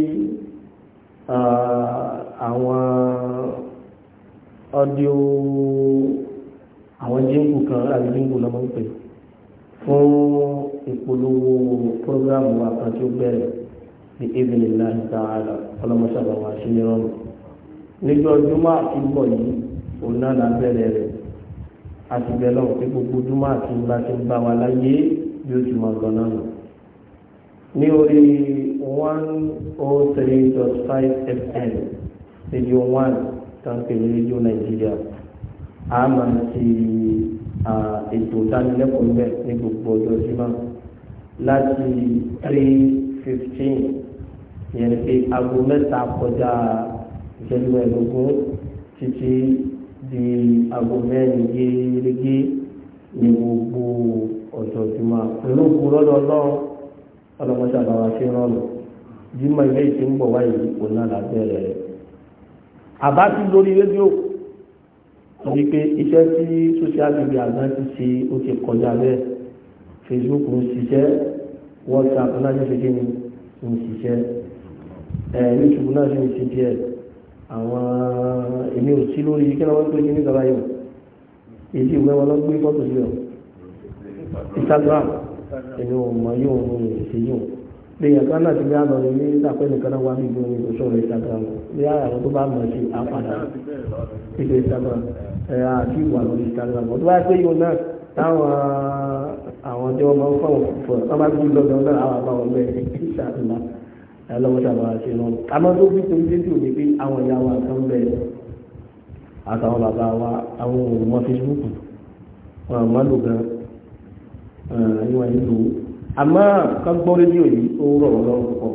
àwọn ọdíò àwọn jíngù kan àti jíngù lọ́mọ ń pè fún ìpolówó prógrámù àkàn tí ó bẹ̀rẹ̀ ní ebile láti dáadáa ọlọ́mọṣàlọ́ wa ṣe ní rọrùn níjọ́ júmọ́ àti bọ̀ yìí òun náà la bẹ̀rẹ̀ rẹ̀ àti bẹ̀rẹ̀ lọ́wọ́ pé gbogbo júmọ́ àti bá ti ń bá wa láyé yóò ti máa gan náà nù ní orí one oh three dot five fm radio one tàǹkì rédíò nàìjíríà a máa ti ètò ìdánilẹ́kọ̀ọ́ mẹ́ ní gbogbo ọjọ́ jímọ̀ láti three fifteen yẹn pé aago mẹ́ta kọjá ìṣẹ́jú ẹ̀ẹ́dógún títí di aago mẹ́rin gẹ́gẹ́ ní gbogbo ọjọ́ jímọ̀ pẹ̀lú òkú lọ́dọọlọ́run ọlọ́mọṣẹ́ àbáwá ṣe rọrùn jimá ilé ìṣe ń bọ̀ wáyé ipò náà lábẹ́rẹ̀ rẹ̀ àbá sí lórí rédíò torí pé iṣẹ́ tí social media náà ti ṣe ó ti kọjá bẹ́ẹ̀ Facebook ń ṣiṣẹ́ WhatsApp náà ṣe ṣe ní ń ṣiṣẹ́ ẹ̀ YouTube náà ṣe ń ṣe díẹ̀ àwọn èmi ò sí lórí kí ló wọ́n pè ní nígbà èyí ìwé wọn lọ gbé fọ́tò sí ọ Instagram èmi ò mọ yóò mú mi èsì yóò lèèyàn kan náà ti bí àná ní ìtàpẹ́ nìkan náà wá níbi omi ìṣòro Instagram bí àwọn tó bá mọ̀ sí àpàdà ìṣòro Instagram ẹ̀ àti ìwà lórí Instagram ọdún wáyé pé yóò náà táwọn àwọn tí wọ́n máa ń fọwọ́ fọ̀ ọ́n bá gbé lọ́dọ̀ náà àwọn àbáwọn bẹ́ẹ̀ ìṣàtúnlá ẹ̀ lọ́wọ́ sábà ṣe náà àmọ́ tó fi torí dé tòun ní àtàwọn bàbá wa àwọn òun mọ Facebook wọn àmọ́ lò gan ìwà ìlú àmọ́ kan gbọ́ rédíò yìí ó rọ̀ wọ́n lọ́rùn púpọ̀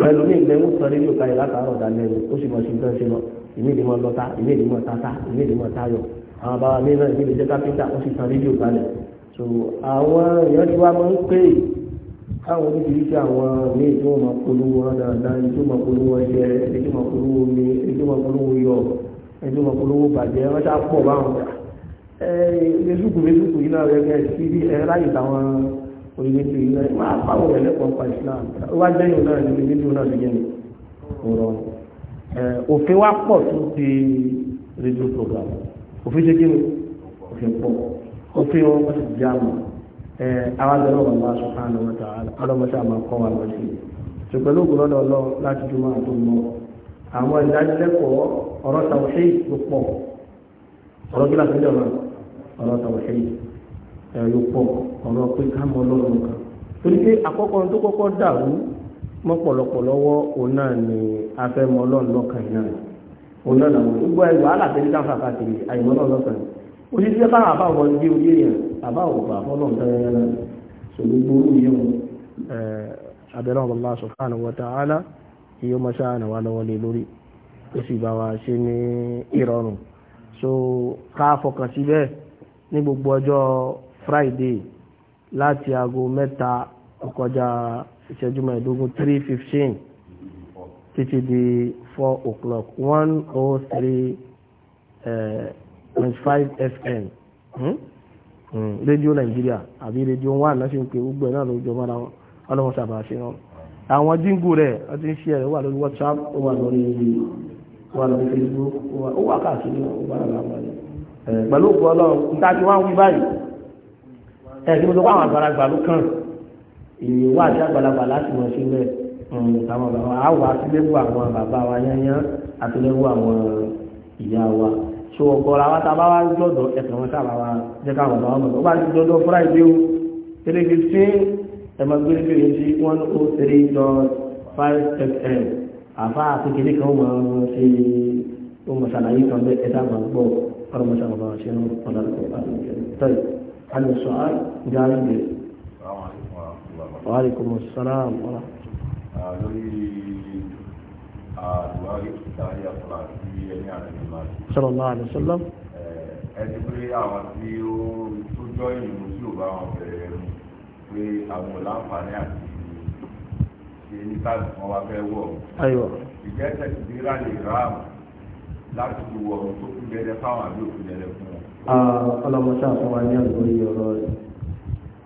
pẹ̀lú ní ìgbẹ́ ń sọ rédíò káyọ̀ látàárọ̀ dalẹ́ ni ó sì mọ̀ sí gan ṣe lọ ìmí ìdìmọ̀ lọ́ta ìmí ìdìmọ̀ tata ìmí ìdìmọ̀ tayọ̀ àwọn bàbá mi náà ìmí ìdìjẹ́ kápẹ́ńtà ó sì tan rédíò kalẹ̀ so àwọn èèyàn tí wàá máa ń pè káwọn oríṣiríṣi àwọn míì tí wọ́n máa polówó wọn dáadáa ẹni tí wọ́n máa polówó ẹyẹ ẹni tí wọ́n máa polówó omi ẹni tí máa polówó yọ ẹni tí máa polówó bàjẹ́ wọ́n ṣáà pọ̀ báwọn ẹ̀ẹ́dẹ́sùkù mẹ́sùkù yìí náà rẹ̀ sí bí ẹ̀ráyè orílẹ̀-èdè yìí náà máa pàwọ̀ rẹ̀ lẹ́kọ̀ọ́ pa Islam wá jẹ́yìn náà ní orílẹ̀-èdè náà lè ọ̀rọ̀ òfin wá pọ̀ tó program òfin ṣe kíni òfin pọ̀ òfin wọn wọ́n ti di àmọ́ àwọn àwọn àmọ́ kọ́ wa lọ sí ṣùgbọ́n lóògùn lọ́dọ̀ ọ̀rọ̀ tàwọn ṣe pọ̀ ọ̀rọ̀ ọ̀rọ̀ tawhid ẹ̀rọ pọ̀ ọ̀rọ̀ pé ká mọ ọlọ́run kan torí pé àkọ́kọ́ tó kọ́kọ́ dàrú mọ́pọ̀lọpọ̀ lọ́wọ́ òun náà ni afẹ́mọ ọlọ́run lọ́kàn náà òun náà làwọn gbogbo ẹ̀rọ alàtẹ́lẹ́ káfà káàkiri àìmọ́ ọlọ́run lọ́kàn oníṣẹ́ bá àbá wọn gbé orí èèyàn àbá òkú àfọlọ́run tẹ́lẹ̀ náà ṣògbogbo orú yẹn abẹ́rẹ́ Allah subhanahu wa ta'ala yóò máa ṣáàna wa lọ́wọ́ lé lórí ó sì bá wa ṣe ní ìrọ̀rùn so ká fọkàn ní gbogbo ọjọ́ friday láti aago mẹ́ta kọjá ìṣẹ́jú mẹ́ẹ̀ẹ́dógún three fifteen títí di four o'clock one oh three eh, point five fm rédíò nàìjíríà àbí Radio one náà ṣe ń pè gbogbo ẹ̀ náà ló jọ mọ́ra wọn ọlọ́wọ́n sábà ṣe wọn àwọn jíngù rẹ̀ wọ́n ti ń ṣe ẹ̀rọ wà lórí whatsapp ó wà lórí facebook ó wà káàkiri ó wà lábàá rẹ̀. Eh, pẹ̀lú òkú ọlọ́run ìtajú wá ń wí báyìí ẹ̀sìn eh, mo sọ fún àwọn àgbàlagbà ló kàn èyí wá àti àgbàlagbà láti mọ̀ sí bẹ́ẹ̀ àwọn hmm, bàbá wa wà sílẹ̀wọ̀ àwọn bàbá wa yányán àtìlẹ́wọ̀ àwọn ìyá wa so ọ̀gọ́ra wa ta bá wá jọ̀dọ̀ ẹ̀sìn wọn sábà wa jẹ́ káwọn bàbá wọn bọ̀ bá ti jọ̀dọ̀ fúráìdé o tẹ́lẹ̀kì sí ẹ̀mọ́ gbẹ́lẹ́gbẹ́ yìí sí one oh three dot five fm àfa àti kìnìkan wọn ṣe ó mọ̀ ṣàlàyé kan bẹ́ẹ̀ ẹ̀dá máa gbọ́ قال ما شاء الله شيء من القرآن طيب هل السؤال جاي السلام عليكم ورحمة الله وبركاته وعليكم السلام ورحمة الله صلى الله عليه وسلم ẹni pé àwọn tí ó tó jọ ìlú tí ò bá wọn bẹ̀rẹ̀ mu pé àwọn láǹfààní àti ṣe ní táàbù wọn wá fẹ́ wọ̀. ìjẹ́sẹ̀ ti dé ráàlì ráàmù láti fi wọ tó kú dẹdẹ fáwọn àbí òkú dẹdẹ fún wọn. ọlọmọṣẹ àfọwọ́ ní àgbóyè ọ̀rọ̀ rẹ̀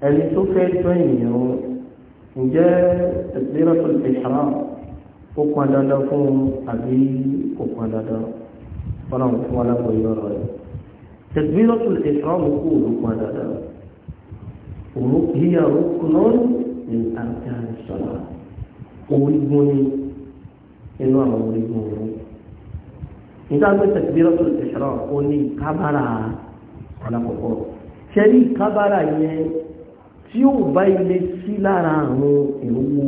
ẹni tó fẹ́ tó ènìyàn ǹjẹ́ ẹgbẹ́rẹ́ tó ti ṣàrà ó pọn dandan fún àbí kò pọn dandan ọlọ́run fún alágbóyè ọ̀rọ̀ rẹ̀ تكبيرة الإحرام كله ماذا هي ركن من أركان الصلاة أولي إنه أولي nígbà tó tẹ̀síbírọ̀ tó tẹ̀sírọ̀ ó ní kábàrà alákọ̀ọ́kọ́ ṣẹ́rí kábàrà yẹn tí ó bá ilé sí lára àwọn ìrúwó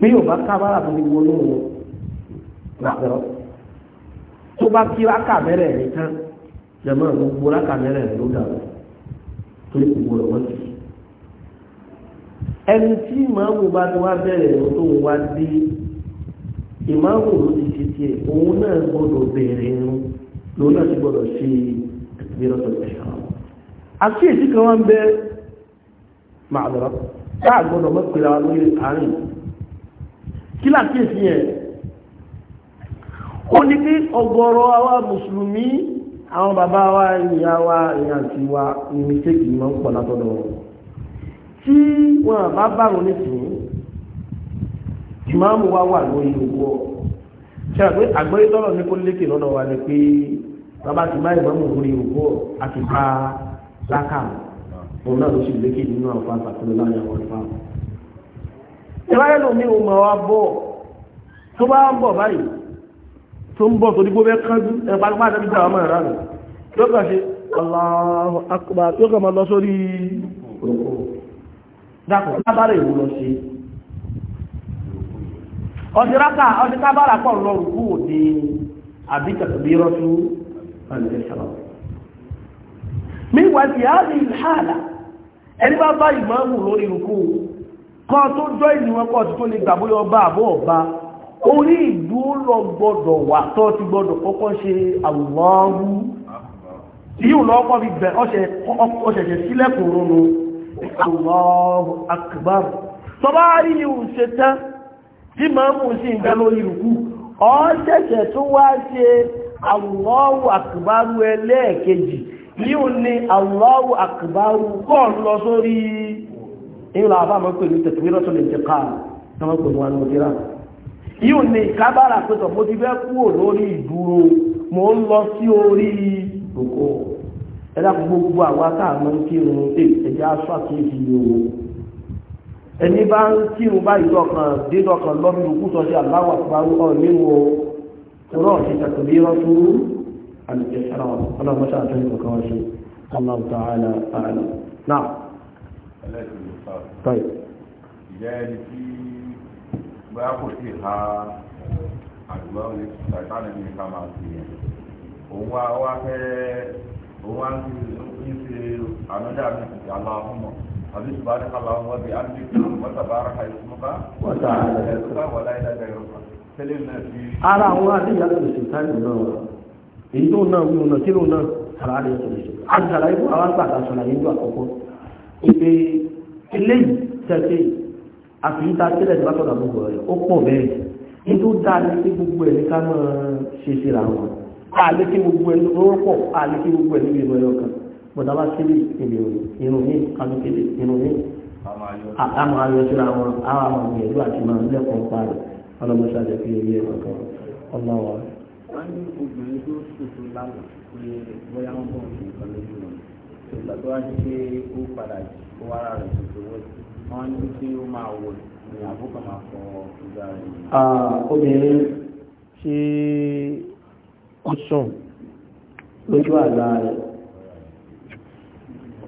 pé yóò bá kábàrà tó ní wọnú wọn lọ́pẹ̀rọ̀ tó bá kí rákà mẹ́rẹ̀ rẹ̀ tán jẹ̀mọ́ gbogbo rákà mẹ́rẹ̀ rẹ̀ ló dàrú tó lè gbogbo rẹ̀ ẹni tí màá mú bá ti wá bẹ̀rẹ̀ tó wá dé ìmáàmù ló ti ṣe tiẹ̀ òun náà gbọ́dọ̀ bẹ̀rẹ̀ irun lòun náà ti gbọ́dọ̀ ṣe ìgbéròtò ìṣà àkíyèsí kan wá ń bẹ màá lọ táà gbọ́dọ̀ mọ́ pèrè àwọn lórí àárín kí làkíyèsí yẹn ó ní pé ọ̀gọ̀rọ̀ àwa mùsùlùmí àwọn bàbá wa ìyá wa ìyá àti wa ní mistake máa ń pọ̀ látọ̀dọ̀ wọn tí wọn bá bá wọn nísìnyí ìmáàmù wa wà lórí owó ọ ṣe àgbẹ̀ àgbẹ̀ tọ́lọ̀ ní kó lékè lọ́nà wa ni pé bàbá ti bá ìmáàmù lórí owó ọ àti bá lákà òun náà ló sì lékè nínú àwọn àtàkùnrin láàrin àwọn ìfà. ìwáyé lomi ò mọ̀ wá bọ̀ tó bá ń bọ̀ báyìí tó ń bọ̀ torí gbogbo ẹ kánjú ẹ bá gbá àtẹ́bí àwọn ọmọ ìrànà yóò kà ṣe Allahu Akbar yóò kà máa lọ sórí òkú dákùn lábára ìwú lọ ọdíraka ọdíkábàrà pọ̀ lọ́rù kú òde àbí tàbírọ́tú ọ̀nẹ́sọ̀rọ̀. míwàá ti á lè hàlà ẹni bá bá ìmáàmù lórí rúkú kan tó jọ ìlú wọn pọ̀ tó lè gbàgbóyọ ọba àbọ̀ ọba orí ìlú lọ gbọdọ̀ wà tó ti gbọdọ̀ kọ́kọ́ Allahu akbar tọ́bá rí ìhùn tí màámù sì ń bẹ lórí rùkú ọ ṣẹ̀ṣẹ̀ tó wá ṣe Allahu àkùbárù ẹlẹ́ẹ̀kejì yíò ní Allahu àkùbárù kọ́ lọ sórí àbámọ́ pẹ̀lú ń lọ sí orí òkò ẹ̀dá gbogbo àwọn ẹni bá ń kírun báyìí lọ́kàn dídọ́kàn lọ́mí òkútọ́ sí aláwọ̀ àpárú ọ̀ nínú ọ̀rọ̀ ti tàbí rọ́tú àlùjẹsára ọlọ́mọṣà àtúnyẹ kankan wáṣẹ Allahu ta'ala a'lam náà. ẹlẹ́sìn ìfà ìyá ẹni tí bóyá kò sí ha àdúgbò ní sàìtánì ní ká máa fi yẹn òun wá أبي سبحانك اللهم وبحمدك وتبارك اسمك وتعالى جدك ولا إله غيرك سلمنا فيه على الله يا الشيطان èyí tó náà wíwọ náà kí ló náà sàrà rẹ̀ tó lè ṣe àti sàrà ikú àwọn àgbàdo àṣọlá yìí ń lò àkọ́kọ́ ìpè eléyìí tẹ̀sí àfihàn tá a tẹ́lẹ̀ tí bá tọ̀dọ̀ gbogbo rẹ̀ ó pọ̀ bẹ́ẹ̀ ní tó dáa ní pé gbogbo ẹ̀ ní ká máa ṣe síra wọn àlékí gbogbo ẹ̀ ní rọ́pọ̀ àlékí gbogbo ẹ̀ níbi ìmọ̀ ẹ̀yọ kan kòtàbá kébì irun ní kánú kébì irun ní àwọn ayọ̀síra wọn àwọn àwọn ìgbìyànjú àti máa ń lẹ́kọ̀ọ́ pa rẹ̀ ọlọ́mọṣẹ́ àti fi ilé ẹ̀kọ́ kan ọlọ́wọ́. wọ́n ní obìnrin tó ṣètò lánàá pé bóyá wọ́n bọ̀ nǹkan lójú wọn ìgbà tó pé ó padà ó rẹ̀ ṣètò wọ́n wọ́n ní pé ó máa wọ̀ ní àbúkọ máa fọ ìgbà rẹ̀.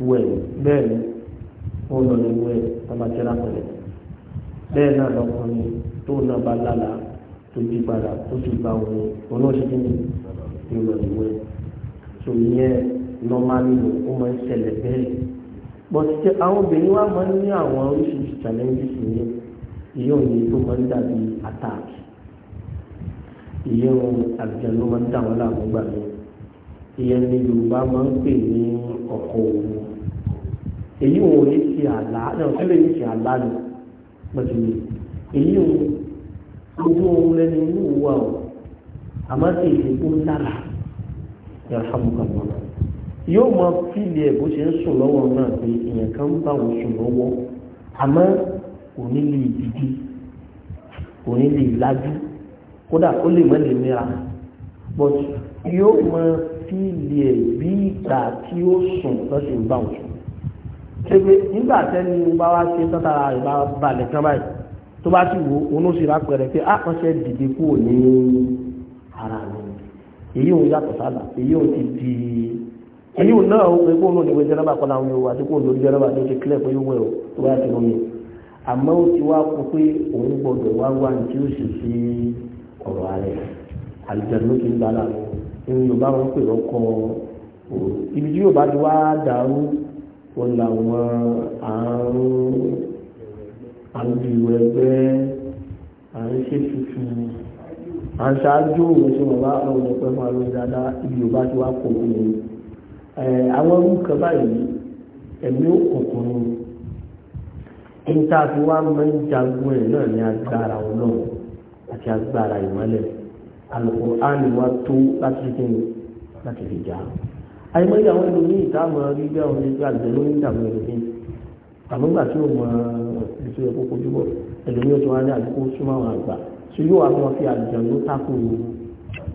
wẹ̀ bẹ́ẹ̀ ni ó lọ lè wẹ̀ tabatẹ́lá pẹ̀lẹ́ bẹ́ẹ̀ náà lọkùnrin tó náà bá lálà tó jí padà tó sì gba òun olóṣèlú ní ìlọ ìwẹ̀ tó yẹn nọ́málì lò ó máa ń ṣẹlẹ̀ bẹ́ẹ̀ bọ́sí tí àwọn obìnrin wa máa ń ní àwọn oríṣiríṣi challenges ní ìyóò ní tó máa ń dàbí attack ìyóò àbíjá ló máa ń dà wọ́n láàmú gbà mí ìyẹn ni yorùbá máa ń pè ní ọkọ̀ òun èyí wọn ò ní ti àlá náà tí lè ní ti àlá nù pẹ̀lú èyí wọn ojú ohun lẹ́nu inú wa o àmọ́ tí ìdìbò lára yà hàmùkà mọ́ yóò máa fìlì ẹ̀ bó ṣe ń sùn lọ́wọ́ náà pé èèyàn kan ń bá òun sùn lọ́wọ́ àmọ́ òní lè dìde òní lè lajú kódà ó lè mọ́ lè mìíràn but yóò máa fíìlì ẹ̀ bí ìgbà tí ó sùn lọ́sẹ̀ ń bá wọn sùn ṣégbé nígbà tẹ́ni bá wá ṣe tọ́tara rẹ̀ bá balẹ̀ kan báyìí tó bá sì wo onóṣèlú apẹ̀rẹ̀ pé á ah, wọ́n ṣe dìde kúrò ní ara mi èyí òun yàtọ̀ sálà èyí òun ti di èyí òun náà ó pé kóun ní ìwé jẹ́nàbà kọ́lá wọn yóò àti kóun lórí jẹ́nàbà ló ti kílẹ̀ pé yóò wẹ̀ tó bá ti rún àmọ́ ó ti wá kó pé òun gbọ́dọ̀ wá wá ní tí ó sì fi ọ̀rọ̀ alẹ́ àlùjànnú kì í gbára lọ́wọ́ ní yorùbá wọn pè lọkọ ibi tí yorùbá ti wá dàrú wọn làwọn àrùn àrùbíwò ẹgbẹ à ń à ń ṣáájú òun tí wọn bá ọrùn ọpẹ máa lọ dáadáa ibi yorùbá ti wá kó òun ẹ àwọn kan báyìí òkùnkùn ní Al-Qur'ani wa tó láti fi láti fi jà àìmọye àwọn ẹlòmíì ìdáàmú rí bí àwọn ẹgbẹ́ àgbẹ̀ ló ń dààmú ẹlòmíì àmọ́ gbà tí ó mọ ètò ẹ̀kọ́ kojúbọ̀ ẹlòmíì ó ti wá ní àdúgbò súnmọ́ àwọn àgbà tí yóò wá wọn fi àlùjànnú tákù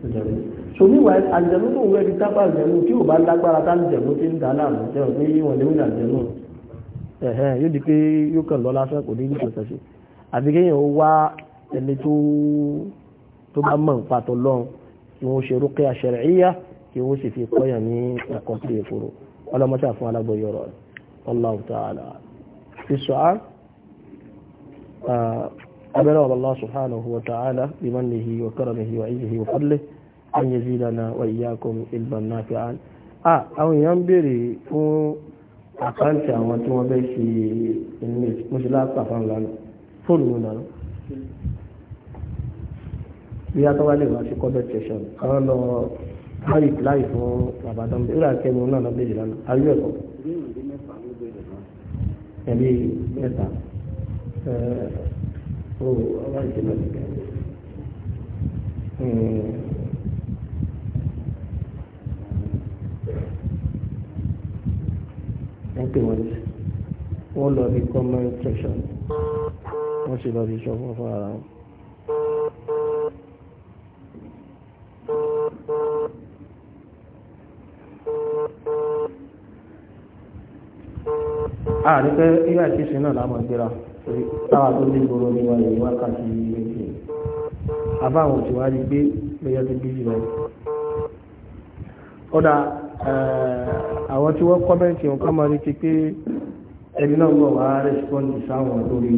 àlùjànnú so níwà àlùjànnú tó ń wẹ́ di tábà àlùjànnú tí ò bá lágbára tá àlùjànnú ti ń dà láàmú jẹ́ pé wọ́n lè wọ́n àlùjànnú ẹ̀hẹ́n yóò di pé yóò kàn lọ lásán kò tó bá mọ̀ nípa tọ́lọ́run kí wọ́n ṣe rúkẹ́ àṣẹrẹ̀ẹ́yà kí wọ́n sì fi kọ́yàn ní ẹ̀kọ́ tó yẹ fòrò ọlọ́mọ́tà fún alágbọ̀yọ̀rọ̀ Allahu ta'ala fi sọ́á أبلغ الله سبحانه وتعالى بمنه وكرمه وعزه وفضله أن يزيدنا وإياكم علما نافعا ah àwọn èèyàn ń béèrè fún àkáǹtì àwọn tí wọ́n fẹ́ fóònù náà bí a tó wá lè wá sí kọ́bẹ̀ tẹ̀sán àwọn lọ kárí láì fún bàbá tó ń bẹ ìlà kẹmu náà lọ bẹ̀rẹ̀ lánàá ayé ẹ̀kọ́. ẹ̀mí mẹ́ta ó wá ìṣẹ̀lẹ̀ nìkan. ẹ hmm. wọ́n sí wọ́n lọ bí kọ́mẹ̀ wọ́n sì lọ bí sọ́kọ́ fún ara wọn. àrí ah, pé irú àìsíṣe náà lámọ̀ ìgbéra táwa tó ní gbòòrò ní wáyé wákàtí méjì àbáwọn òtí wá gbé lóyọ́ tó bí jùlọ ọ̀dà eh, àwọn tí wọ́n kọ́mẹ́ntì máa rí ti pé ẹni náà gbọ́ wá rẹ́sípọ́ǹdì sáwọn lórí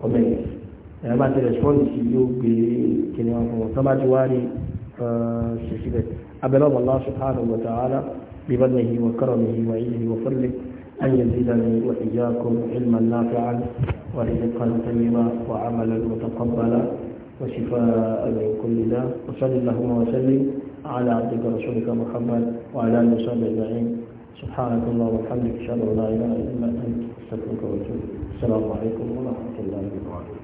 kọ́mẹ́ntì ẹ̀ bá ti rẹ̀spọ́ǹdì sí yóò gbé kíni wọn fún wọn tó bá ti wá rí ṣèṣì rẹ̀ abẹ́lẹ́ ọmọ Allah subhanahu wa ta'ala بمنه وكرمه وعزه وفضله أن يزيدني وإياكم علما نافعا ورزقا طيبا وعملا متقبلا وشفاء من كل داء وصل اللهم وسلم على عبدك ورسولك محمد وعلى اله وصحبه اجمعين سبحانك اللهم وبحمدك اشهد ان لا اله الا انت استغفرك واتوب السلام عليكم ورحمه الله وبركاته